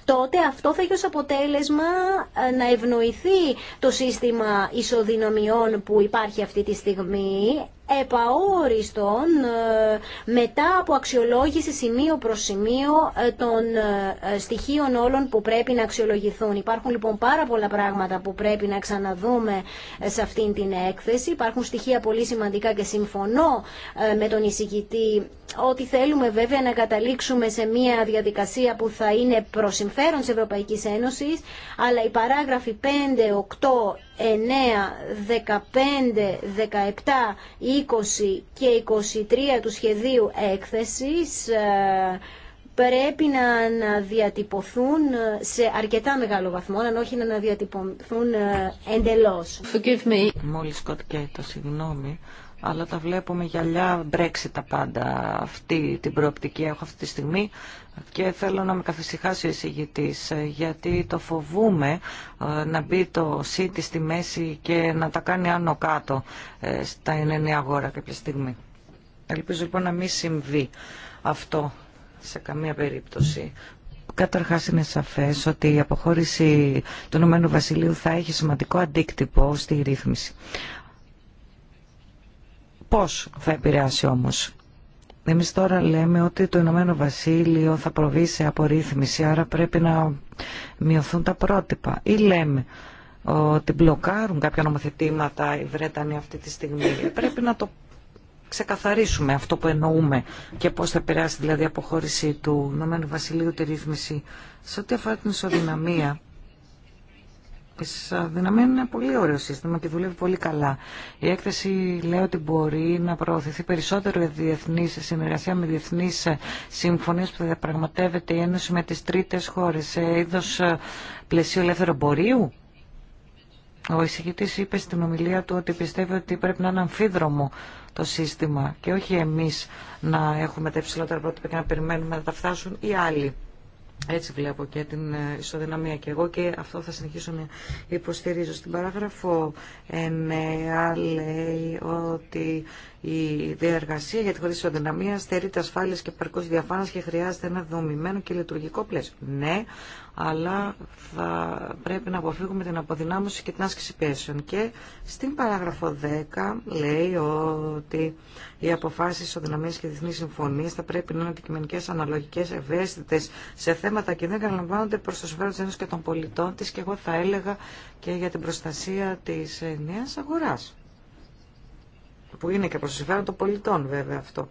τότε αυτό θα έχει ως αποτέλεσμα ε, να ευνοηθεί το σύστημα ισοδυναμιών που υπάρχει αυτή τη στιγμή, επαόριστον ε, μετά από αξιολόγηση σημείο προς σημείο ε, των ε, στοιχείων όλων που πρέπει να αξιολογηθούν. Υπάρχουν λοιπόν πάρα πολλά πράγματα που πρέπει να ξαναδούμε σε αυτήν την έκθεση. Υπάρχουν στοιχεία πολύ σημαντικά και συμφωνώ με τον εισηγητή ότι θέλουμε βέβαια να καταλήξουμε σε μια διαδικασία που θα είναι προ συμφέρον τη Ευρωπαϊκή Ένωση, αλλά η παράγραφοι 5, 8, 9, 15, 17, 20 και 23 του σχεδίου έκθεσης ε, πρέπει να αναδιατυπωθούν ε, σε αρκετά μεγάλο βαθμό, αν όχι να αναδιατυπωθούν ε, εντελώς. Forgive me. Μόλις το συγγνώμη, αλλά τα βλέπουμε γυαλιά Brexit τα πάντα. Αυτή την προοπτική έχω αυτή τη στιγμή και θέλω να με καθησυχάσει ο εισηγητής ε, γιατί το φοβούμε ε, να μπει το ΣΥΤΙ στη μέση και να τα κάνει άνω κάτω ε, στα ενένια αγορά κάποια στιγμή. Ελπίζω λοιπόν να μην συμβεί αυτό σε καμία περίπτωση. Καταρχά είναι σαφέ ότι η αποχώρηση του Ηνωμένου Βασιλείου θα έχει σημαντικό αντίκτυπο στη ρύθμιση. Πώς θα επηρεάσει όμως Εμεί τώρα λέμε ότι το Ηνωμένο Βασίλειο θα προβεί σε απορρίθμιση, άρα πρέπει να μειωθούν τα πρότυπα. Ή λέμε ότι μπλοκάρουν κάποια νομοθετήματα οι Βρετανοί αυτή τη στιγμή. Πρέπει να το ξεκαθαρίσουμε αυτό που εννοούμε και πώς θα επηρεάσει δηλαδή η αποχώρηση του Ηνωμένου Βασιλείου τη ρύθμιση σε ό,τι αφορά την ισοδυναμία της είναι ένα πολύ ωραίο σύστημα και δουλεύει πολύ καλά. Η έκθεση λέει ότι μπορεί να προωθηθεί περισσότερο διεθνή συνεργασία με διεθνεί συμφωνίε που διαπραγματεύεται η Ένωση με τι τρίτε χώρε σε είδο ε, πλαισίου ελεύθερου εμπορίου. Ο εισηγητή είπε στην ομιλία του ότι πιστεύει ότι πρέπει να είναι αμφίδρομο το σύστημα και όχι εμεί να έχουμε τα υψηλότερα πρότυπα και να περιμένουμε να τα φτάσουν οι άλλοι. Έτσι βλέπω και την ε, ισοδυναμία και εγώ και αυτό θα συνεχίσω να υποστηρίζω. Στην παράγραφο 9 λέει ότι η διαργασία για τη χωρίς ισοδυναμία στερείται ασφάλεια και παρκώς διαφάνεια και χρειάζεται ένα δομημένο και λειτουργικό πλαίσιο. Ναι, αλλά θα πρέπει να αποφύγουμε την αποδυνάμωση και την άσκηση πέσεων. Και στην παράγραφο 10 λέει ότι οι αποφάσει ισοδυναμία και διεθνεί συμφωνίε θα πρέπει να είναι αντικειμενικέ, αναλογικέ, ευαίσθητε σε θέματα και δεν καταλαμβάνονται προ το συμφέρον τη Ένωση και των πολιτών τη και εγώ θα έλεγα και για την προστασία τη νέα αγορά που είναι και προς συμφέρον των πολιτών βέβαια αυτό.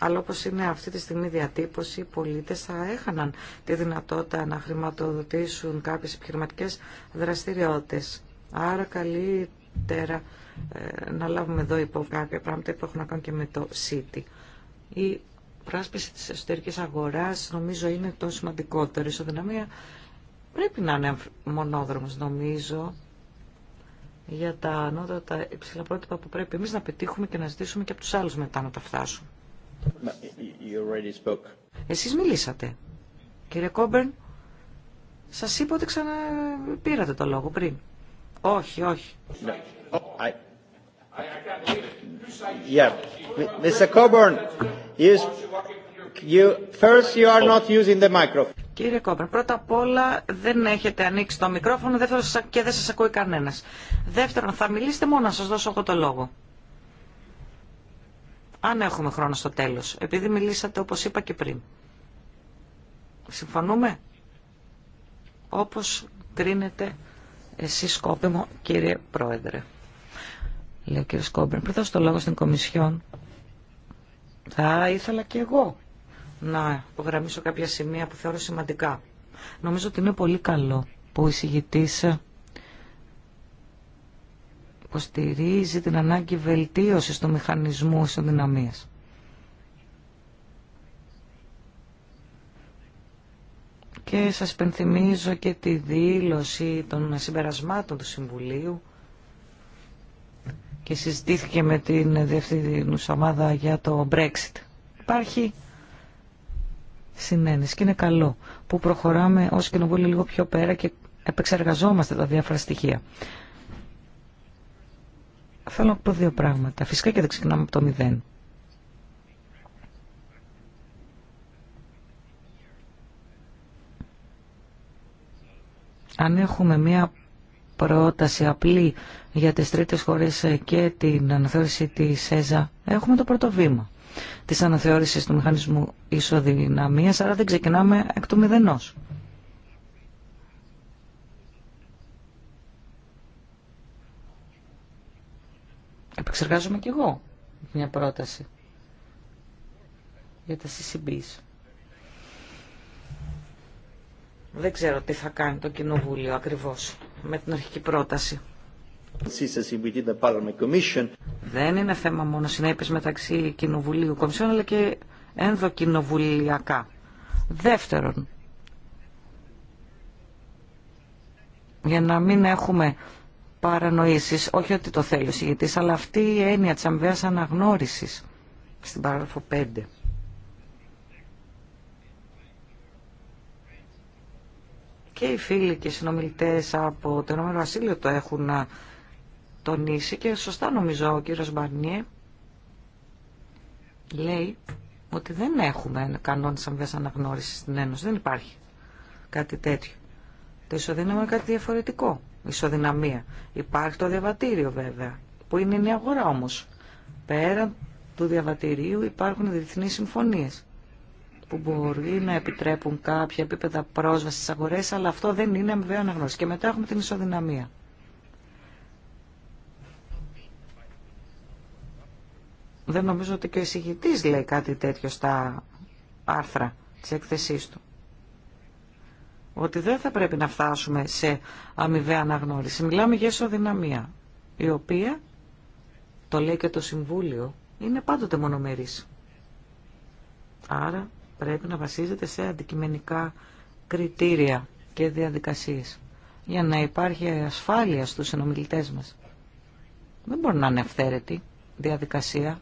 Αλλά όπως είναι αυτή τη στιγμή διατύπωση, οι πολίτες θα έχαναν τη δυνατότητα να χρηματοδοτήσουν κάποιες επιχειρηματικέ δραστηριότητες. Άρα καλύτερα ε, να λάβουμε εδώ υπό κάποια πράγματα που έχουν να κάνουν και με το City. Η πράσπιση της εσωτερικής αγοράς νομίζω είναι το σημαντικότερο. Η ισοδυναμία πρέπει να είναι μονόδρομος νομίζω για τα ανώτατα υψηλά πρότυπα που πρέπει εμείς να πετύχουμε και να ζητήσουμε και από τους άλλους μετά να τα φτάσουν. Εσείς μιλήσατε. Κύριε Κόμπερν, σας είπα ότι ξαναπήρατε το λόγο πριν. Όχι, όχι. No. Oh, I... Mr. Coburn, you, you, first you are not using the microphone. Κύριε Κόμπρα, πρώτα απ' όλα δεν έχετε ανοίξει το μικρόφωνο δεύτερον, και δεν σας ακούει κανένας. Δεύτερον, θα μιλήσετε μόνο να σας δώσω εγώ το λόγο. Αν έχουμε χρόνο στο τέλος, επειδή μιλήσατε όπως είπα και πριν. Συμφωνούμε? Όπως κρίνετε εσείς σκόπιμο, κύριε Πρόεδρε. Λέω κύριε Σκόμπριν, πριν δώσω το λόγο στην Κομισιόν, θα ήθελα και εγώ να υπογραμμίσω κάποια σημεία που θεωρώ σημαντικά. Νομίζω ότι είναι πολύ καλό που ο εισηγητής υποστηρίζει την ανάγκη βελτίωσης του μηχανισμού ισοδυναμίας. Και σας υπενθυμίζω και τη δήλωση των συμπερασμάτων του Συμβουλίου και συζητήθηκε με την Διευθύνουσα Ομάδα για το Brexit. Υπάρχει συνένεση και είναι καλό που προχωράμε ως κοινοβούλιο λίγο πιο πέρα και επεξεργαζόμαστε τα διάφορα στοιχεία. Θέλω να πω δύο πράγματα. Φυσικά και δεν ξεκινάμε από το μηδέν. Αν έχουμε μία πρόταση απλή για τις τρίτες χώρες και την αναθεώρηση της ΕΖΑ, έχουμε το πρώτο βήμα της αναθεώρησης του μηχανισμού ισοδυναμίας, άρα δεν ξεκινάμε εκ του μηδενός. Επεξεργάζομαι κι εγώ μια πρόταση για τα CCBs. Δεν ξέρω τι θα κάνει το Κοινοβούλιο ακριβώς με την αρχική πρόταση. Δεν είναι θέμα μόνο συνέπειες μεταξύ Κοινοβουλίου Κομισιών αλλά και ενδοκοινοβουλιακά. Δεύτερον, για να μην έχουμε παρανοήσεις, όχι ότι το θέλει ο αλλά αυτή η έννοια της αμοιβαίας αναγνώρισης στην παράγραφο 5 και οι φίλοι και οι συνομιλητές από το Ηνωμένο Βασίλειο το έχουν τονίσει και σωστά νομίζω ο κύριος Μπαρνιέ λέει ότι δεν έχουμε κανόνες αμοιβέ αναγνώρισης στην Ένωση. Δεν υπάρχει κάτι τέτοιο. Το ισοδύναμο είναι κάτι διαφορετικό. Ισοδυναμία. Υπάρχει το διαβατήριο βέβαια, που είναι η αγορά όμως. Πέραν του διαβατηρίου υπάρχουν διεθνείς συμφωνίες που μπορεί να επιτρέπουν κάποια επίπεδα πρόσβαση στι αγορές, αλλά αυτό δεν είναι αμοιβαία αναγνώριση. Και μετά έχουμε την ισοδυναμία. Δεν νομίζω ότι και ο εισηγητή λέει κάτι τέτοιο στα άρθρα τη εκθεσή του. Ότι δεν θα πρέπει να φτάσουμε σε αμοιβαία αναγνώριση. Μιλάμε για ισοδυναμία, η οποία, το λέει και το Συμβούλιο, είναι πάντοτε μονομερής. Άρα πρέπει να βασίζεται σε αντικειμενικά κριτήρια και διαδικασίες για να υπάρχει ασφάλεια στους συνομιλητές μας. Δεν μπορεί να είναι αυθαίρετη διαδικασία.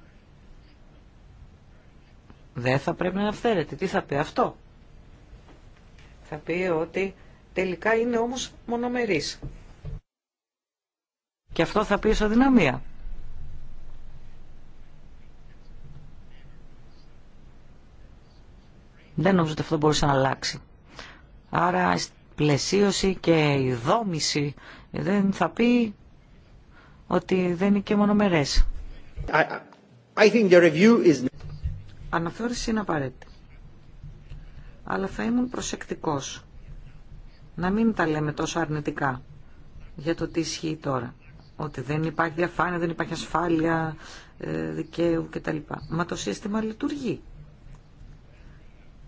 Δεν θα πρέπει να είναι αυθαίρετη. Τι θα πει αυτό. Θα πει ότι τελικά είναι όμως μονομερής. Και αυτό θα πει ισοδυναμία. Δεν νομίζω ότι αυτό μπορούσε να αλλάξει. Άρα η πλαισίωση και η δόμηση δεν θα πει ότι δεν είναι και μονομερές. I, is... Αναθεώρηση είναι απαραίτητη. Αλλά θα ήμουν προσεκτικός. Να μην τα λέμε τόσο αρνητικά για το τι ισχύει τώρα. Ότι δεν υπάρχει διαφάνεια, δεν υπάρχει ασφάλεια ε, δικαίου κτλ. Μα το σύστημα λειτουργεί.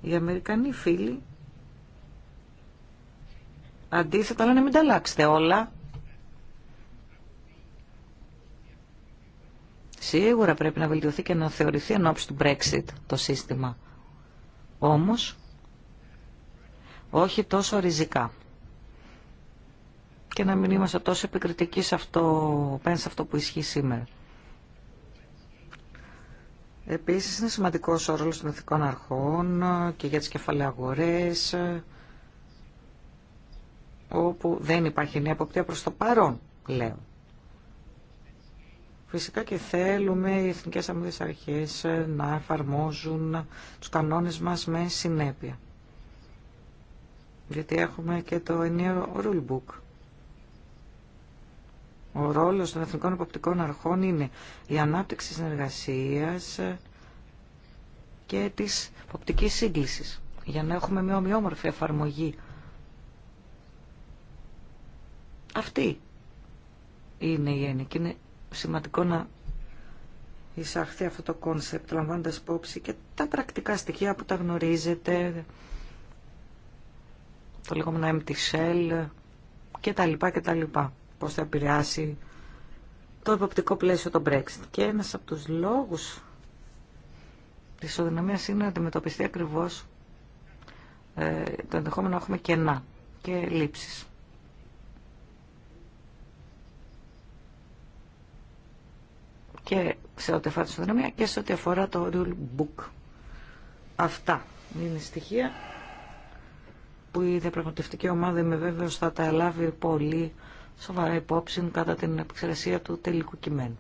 Οι Αμερικανοί φίλοι αντίθετα λένε μην τα αλλάξετε όλα. Σίγουρα πρέπει να βελτιωθεί και να θεωρηθεί εν του Brexit το σύστημα. Όμως, όχι τόσο ριζικά. Και να μην είμαστε τόσο επικριτικοί σε αυτό, σε αυτό που ισχύει σήμερα. Επίσης είναι σημαντικός ο ρόλος των εθνικών αρχών και για τις κεφαλαίες όπου δεν υπάρχει νέα αποπτία προς το παρόν, λέω. Φυσικά και θέλουμε οι εθνικές αμμύδιες αρχές να εφαρμόζουν τους κανόνες μας με συνέπεια. Γιατί έχουμε και το ενιαίο rulebook ο ρόλος των εθνικών Υποπτικών αρχών είναι η ανάπτυξη συνεργασίας και της υποπτικής σύγκλησης για να έχουμε μια ομοιόμορφη εφαρμογή. Αυτή είναι η έννοια και είναι σημαντικό να εισαχθεί αυτό το κόνσεπτ λαμβάνοντας υπόψη και τα πρακτικά στοιχεία που τα γνωρίζετε το λεγόμενο empty shell και τα λοιπά και τα λοιπά πώς θα επηρεάσει το υποπτικό πλαίσιο των Brexit. Και ένας από τους λόγους της ισοδυναμίας είναι να αντιμετωπιστεί ακριβώς ε, το ενδεχόμενο να έχουμε κενά και λήψεις. Και σε ό,τι αφορά τη ισοδυναμία και σε ό,τι αφορά το rule book. Αυτά είναι στοιχεία που η διαπραγματευτική ομάδα είμαι βέβαιος θα τα λάβει πολύ σοβαρά υπόψη κατά την επεξεργασία του τελικού κειμένου.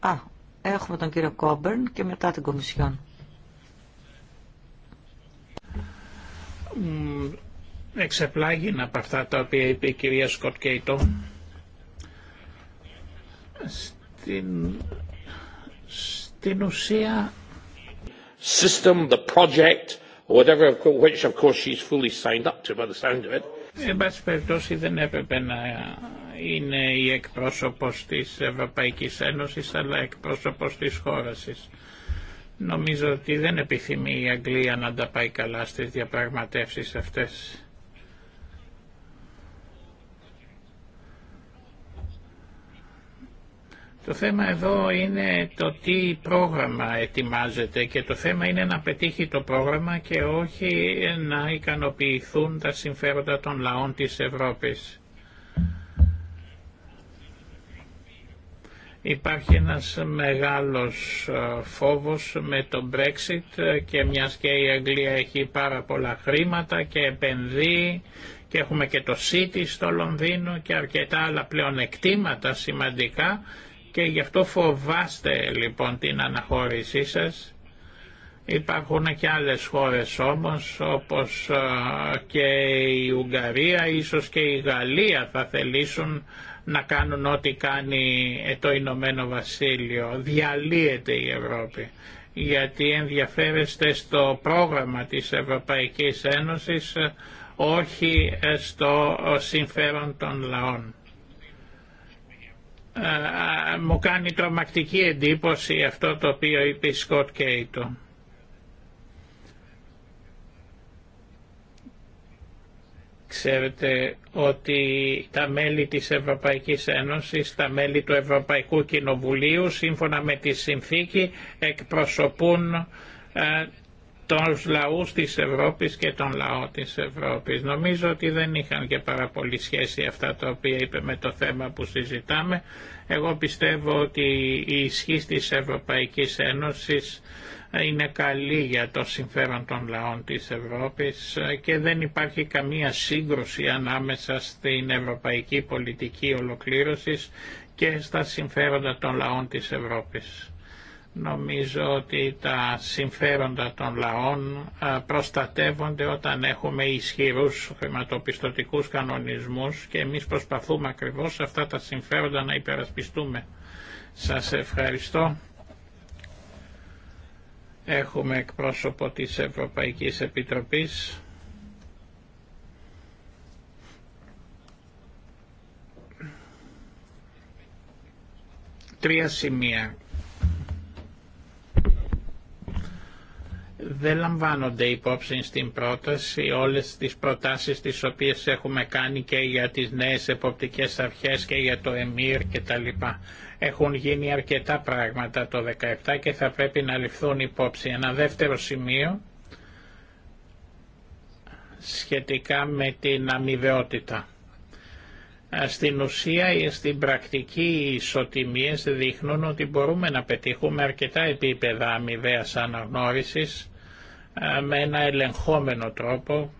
Α, έχουμε τον κύριο Κόμπερν και μετά την Κομισιόν. Εξεπλάγει από αυτά τα οποία είπε η κυρία Σκοτ Κέιτο. Στην, στην ουσία... System, the project, whatever, which of course she's fully signed up to by the sound of it. Εν πάση περιπτώσει δεν έπρεπε να είναι η εκπρόσωπος της Ευρωπαϊκής Ένωσης αλλά εκπρόσωπος της χώρας της. Νομίζω ότι δεν επιθυμεί η Αγγλία να τα πάει καλά στις διαπραγματεύσεις αυτές. Το θέμα εδώ είναι το τι πρόγραμμα ετοιμάζεται και το θέμα είναι να πετύχει το πρόγραμμα και όχι να ικανοποιηθούν τα συμφέροντα των λαών της Ευρώπης. Υπάρχει ένας μεγάλος ε, φόβος με το Brexit ε, και μιας και η Αγγλία έχει πάρα πολλά χρήματα και επενδύει και έχουμε και το City στο Λονδίνο και αρκετά άλλα πλέον εκτήματα σημαντικά και γι' αυτό φοβάστε λοιπόν την αναχώρησή σας. Υπάρχουν και άλλες χώρες όμως όπως και η Ουγγαρία, ίσως και η Γαλλία θα θελήσουν να κάνουν ό,τι κάνει ε, το Ηνωμένο Βασίλειο. Διαλύεται η Ευρώπη γιατί ενδιαφέρεστε στο πρόγραμμα της Ευρωπαϊκής Ένωσης όχι ε, στο ε, συμφέρον των λαών. Ε, μου κάνει τρομακτική εντύπωση αυτό το οποίο είπε η Σκοτ Κέιτο. Ξέρετε ότι τα μέλη της Ευρωπαϊκής Ένωσης, τα μέλη του Ευρωπαϊκού Κοινοβουλίου, σύμφωνα με τη συνθήκη, εκπροσωπούν ε, των λαούς της Ευρώπης και των λαών της Ευρώπης. Νομίζω ότι δεν είχαν και πάρα πολύ σχέση αυτά τα οποία είπε με το θέμα που συζητάμε. Εγώ πιστεύω ότι η ισχύ της Ευρωπαϊκής Ένωσης είναι καλή για το συμφέρον των λαών της Ευρώπης και δεν υπάρχει καμία σύγκρουση ανάμεσα στην ευρωπαϊκή πολιτική ολοκλήρωσης και στα συμφέροντα των λαών της Ευρώπης. Νομίζω ότι τα συμφέροντα των λαών προστατεύονται όταν έχουμε ισχυρούς χρηματοπιστωτικούς κανονισμούς και εμείς προσπαθούμε ακριβώς αυτά τα συμφέροντα να υπερασπιστούμε. Σας ευχαριστώ. Έχουμε εκπρόσωπο της Ευρωπαϊκής Επιτροπής. Τρία σημεία δεν λαμβάνονται υπόψη στην πρόταση όλες τις προτάσεις τις οποίες έχουμε κάνει και για τις νέες εποπτικές αρχές και για το ΕΜΙΡ και τα λοιπά. Έχουν γίνει αρκετά πράγματα το 2017 και θα πρέπει να ληφθούν υπόψη. Ένα δεύτερο σημείο σχετικά με την αμοιβαιότητα. Στην ουσία ή στην πρακτική οι ισοτιμίες δείχνουν ότι μπορούμε να πετύχουμε αρκετά επίπεδα αμοιβαίας αναγνώρισης με ένα ελεγχόμενο τρόπο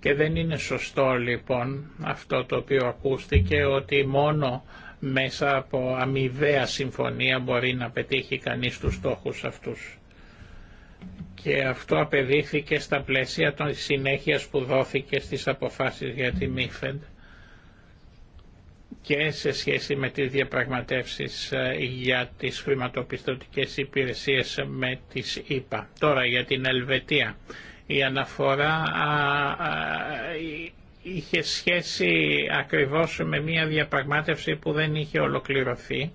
και δεν είναι σωστό λοιπόν αυτό το οποίο ακούστηκε ότι μόνο μέσα από αμοιβαία συμφωνία μπορεί να πετύχει κανείς τους στόχους αυτούς. Και αυτό απεδείχθηκε στα πλαίσια των συνέχειας που δόθηκε στις αποφάσεις για τη ΜΥΦΕΔ και σε σχέση με τις διαπραγματεύσεις ε, για τις χρηματοπιστωτικές υπηρεσίες με τις ΕΠΑ. Τώρα για την Ελβετία. Η αναφορά είχε σχέση ακριβώς με μια διαπραγμάτευση που δεν είχε ολοκληρωθεί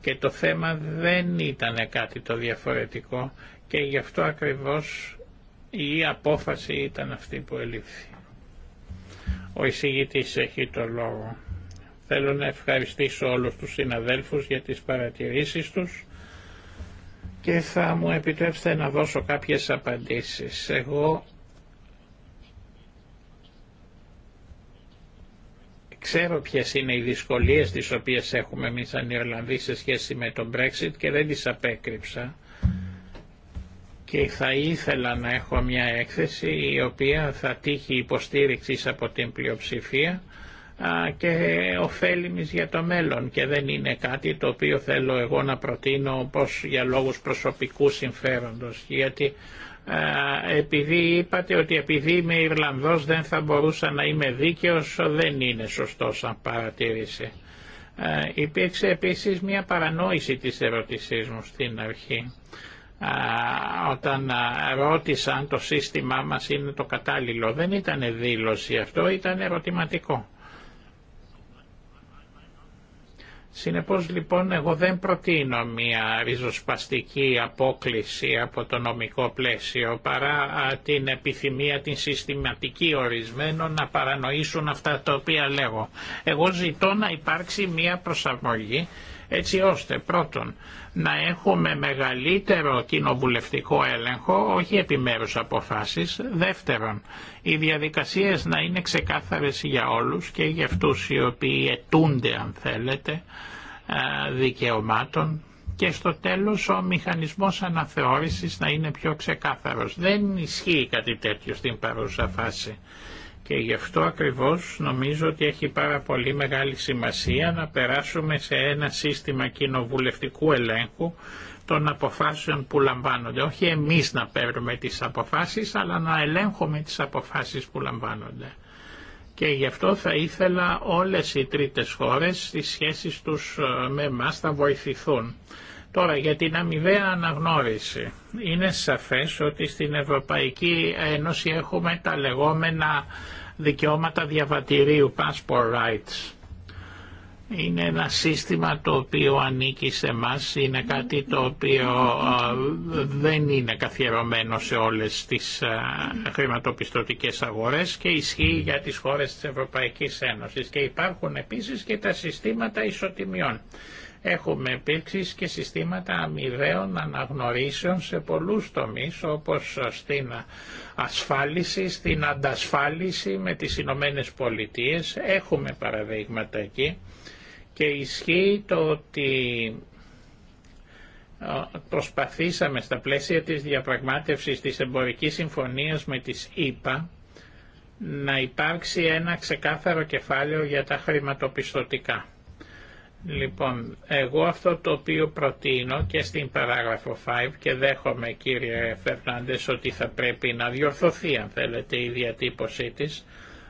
και το θέμα δεν ήταν κάτι το διαφορετικό και γι' αυτό ακριβώς η απόφαση ήταν αυτή που ελήφθη. Ο εισηγητής έχει το λόγο. Θέλω να ευχαριστήσω όλους τους συναδέλφους για τις παρατηρήσεις τους και θα μου επιτρέψετε να δώσω κάποιες απαντήσεις. Εγώ ξέρω ποιες είναι οι δυσκολίες τις οποίες έχουμε εμείς σαν Ιρλανδοί σε σχέση με τον Brexit και δεν τις απέκρυψα και θα ήθελα να έχω μια έκθεση η οποία θα τύχει υποστήριξης από την πλειοψηφία και ωφέλιμης για το μέλλον και δεν είναι κάτι το οποίο θέλω εγώ να προτείνω πως για λόγους προσωπικού συμφέροντος γιατί επειδή είπατε ότι επειδή είμαι Ιρλανδός δεν θα μπορούσα να είμαι δίκαιος δεν είναι σωστό σαν παρατήρηση. Υπήρξε επίσης μια παρανόηση της ερωτησής μου στην αρχή όταν ρώτησαν το σύστημά μας είναι το κατάλληλο. Δεν ήταν δήλωση αυτό, ήταν ερωτηματικό. Συνεπώς λοιπόν εγώ δεν προτείνω μια ριζοσπαστική απόκληση από το νομικό πλαίσιο παρά την επιθυμία την συστηματική ορισμένων να παρανοήσουν αυτά τα οποία λέγω. Εγώ ζητώ να υπάρξει μια προσαρμογή έτσι ώστε πρώτον να έχουμε μεγαλύτερο κοινοβουλευτικό έλεγχο, όχι επιμέρους αποφάσεις, δεύτερον οι διαδικασίες να είναι ξεκάθαρες για όλους και για αυτούς οι οποίοι ετούνται αν θέλετε δικαιωμάτων και στο τέλος ο μηχανισμός αναθεώρησης να είναι πιο ξεκάθαρος. Δεν ισχύει κάτι τέτοιο στην παρούσα φάση. Και γι' αυτό ακριβώς νομίζω ότι έχει πάρα πολύ μεγάλη σημασία να περάσουμε σε ένα σύστημα κοινοβουλευτικού ελέγχου των αποφάσεων που λαμβάνονται. Όχι εμείς να παίρνουμε τις αποφάσεις, αλλά να ελέγχουμε τις αποφάσεις που λαμβάνονται. Και γι' αυτό θα ήθελα όλες οι τρίτες χώρες, οι σχέσεις τους ε, με εμάς να βοηθηθούν. Τώρα για την αμοιβαία αναγνώριση. Είναι σαφές ότι στην Ευρωπαϊκή Ένωση έχουμε τα λεγόμενα δικαιώματα διαβατηρίου, passport rights. Είναι ένα σύστημα το οποίο ανήκει σε μας, είναι κάτι το οποίο δεν είναι καθιερωμένο σε όλες τις χρηματοπιστωτικές αγορές και ισχύει για τις χώρες της Ευρωπαϊκής Ένωσης και υπάρχουν επίσης και τα συστήματα ισοτιμιών. Έχουμε επίση και συστήματα αμοιβαίων αναγνωρίσεων σε πολλούς τομείς όπως στην ασφάλιση, στην αντασφάλιση με τις Ηνωμένε Πολιτείε Έχουμε παραδείγματα εκεί και ισχύει το ότι ε, προσπαθήσαμε στα πλαίσια της διαπραγμάτευσης της εμπορικής συμφωνίας με τις ΗΠΑ να υπάρξει ένα ξεκάθαρο κεφάλαιο για τα χρηματοπιστωτικά. Λοιπόν, εγώ αυτό το οποίο προτείνω και στην παράγραφο 5 και δέχομαι κύριε Φερνάντες ότι θα πρέπει να διορθωθεί αν θέλετε η διατύπωσή της,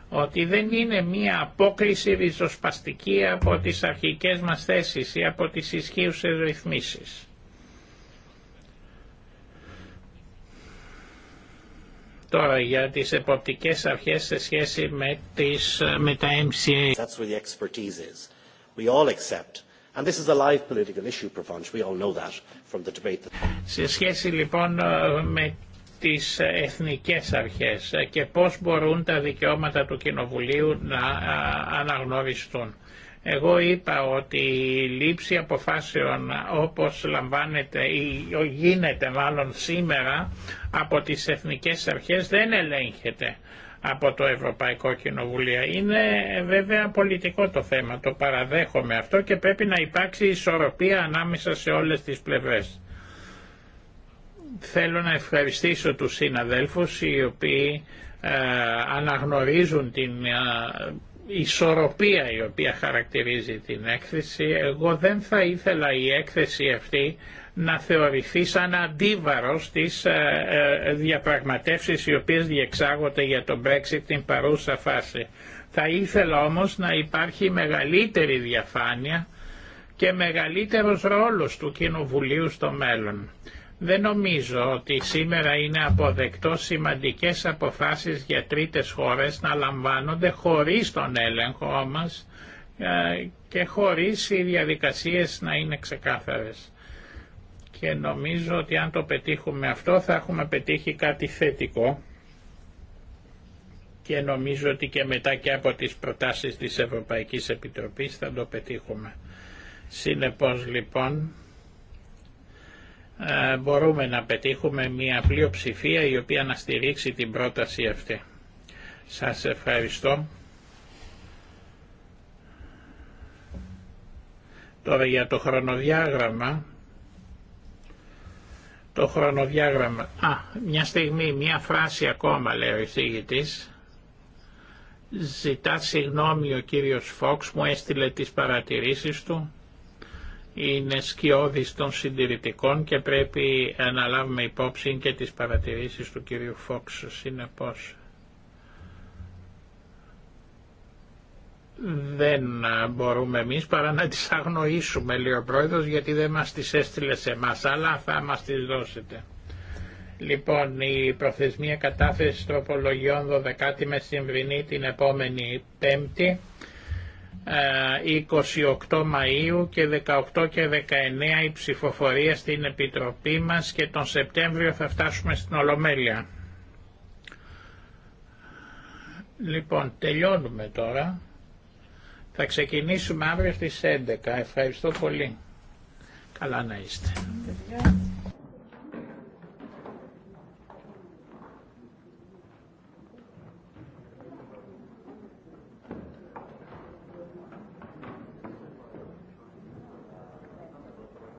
ότι δεν είναι μία απόκληση ριζοσπαστική από τις αρχικές μας θέσεις ή από τις ισχύουσες ρυθμίσεις. Τώρα για τις εποπτικές αρχές σε σχέση με, τις, με τα MCA. Σε σχέση λοιπόν ε, με τις ε, εθνικές αρχές ε, και πώς μπορούν τα δικαιώματα του Κοινοβουλίου να αναγνωριστούν. Εγώ είπα ότι η λήψη αποφάσεων όπως λαμβάνεται ή γίνεται μάλλον σήμερα από τις εθνικές αρχές δεν ελέγχεται από το Ευρωπαϊκό Κοινοβουλίο. Είναι βέβαια πολιτικό το θέμα, το παραδέχομαι αυτό και πρέπει να υπάρξει ισορροπία ανάμεσα σε όλες τις πλευρές. Θέλω να ευχαριστήσω τους συναδέλφους οι οποίοι ε, αναγνωρίζουν την ε, ισορροπία η οποία χαρακτηρίζει την έκθεση. Εγώ δεν θα ήθελα η έκθεση αυτή να θεωρηθεί σαν αντίβαρο στις ε, ε, διαπραγματεύσεις οι οποίες διεξάγονται για τον Brexit την παρούσα φάση. Θα ήθελα όμως να υπάρχει μεγαλύτερη διαφάνεια και μεγαλύτερος ρόλος του Κοινοβουλίου στο μέλλον. Δεν νομίζω ότι σήμερα είναι αποδεκτό σημαντικές αποφάσεις για τρίτες χώρες να λαμβάνονται χωρίς τον έλεγχο μας ε, και χωρίς οι διαδικασίες να είναι ξεκάθαρες και νομίζω ότι αν το πετύχουμε αυτό θα έχουμε πετύχει κάτι θετικό και νομίζω ότι και μετά και από τις προτάσεις της Ευρωπαϊκής Επιτροπής θα το πετύχουμε. Συνεπώς λοιπόν ε, μπορούμε να πετύχουμε μια πλειοψηφία η οποία να στηρίξει την πρόταση αυτή. Σας ευχαριστώ. Τώρα για το χρονοδιάγραμμα το χρονοδιάγραμμα. Α, μια στιγμή, μια φράση ακόμα λέει ο εισήγητης. Ζητά συγγνώμη ο κύριος Φόξ, μου έστειλε τις παρατηρήσεις του. Είναι σκιώδης των συντηρητικών και πρέπει να λάβουμε υπόψη και τις παρατηρήσεις του κύριου Φόξ συνεπώς. Δεν μπορούμε εμείς παρά να τις αγνοήσουμε, λέει ο Πρόεδρος, γιατί δεν μας τις έστειλε σε εμά, αλλά θα μας τις δώσετε. Λοιπόν, η προθεσμία κατάθεση τροπολογιών 12η μεσημβρινή την επόμενη Πέμπτη, 28 ε, Μαΐου και 18 και 19 η ψηφοφορία στην Επιτροπή μας και τον Σεπτέμβριο θα φτάσουμε στην Ολομέλεια. Λοιπόν, τελειώνουμε τώρα. Θα ξεκινήσουμε αύριο στις 11. Ευχαριστώ πολύ. Καλά να είστε.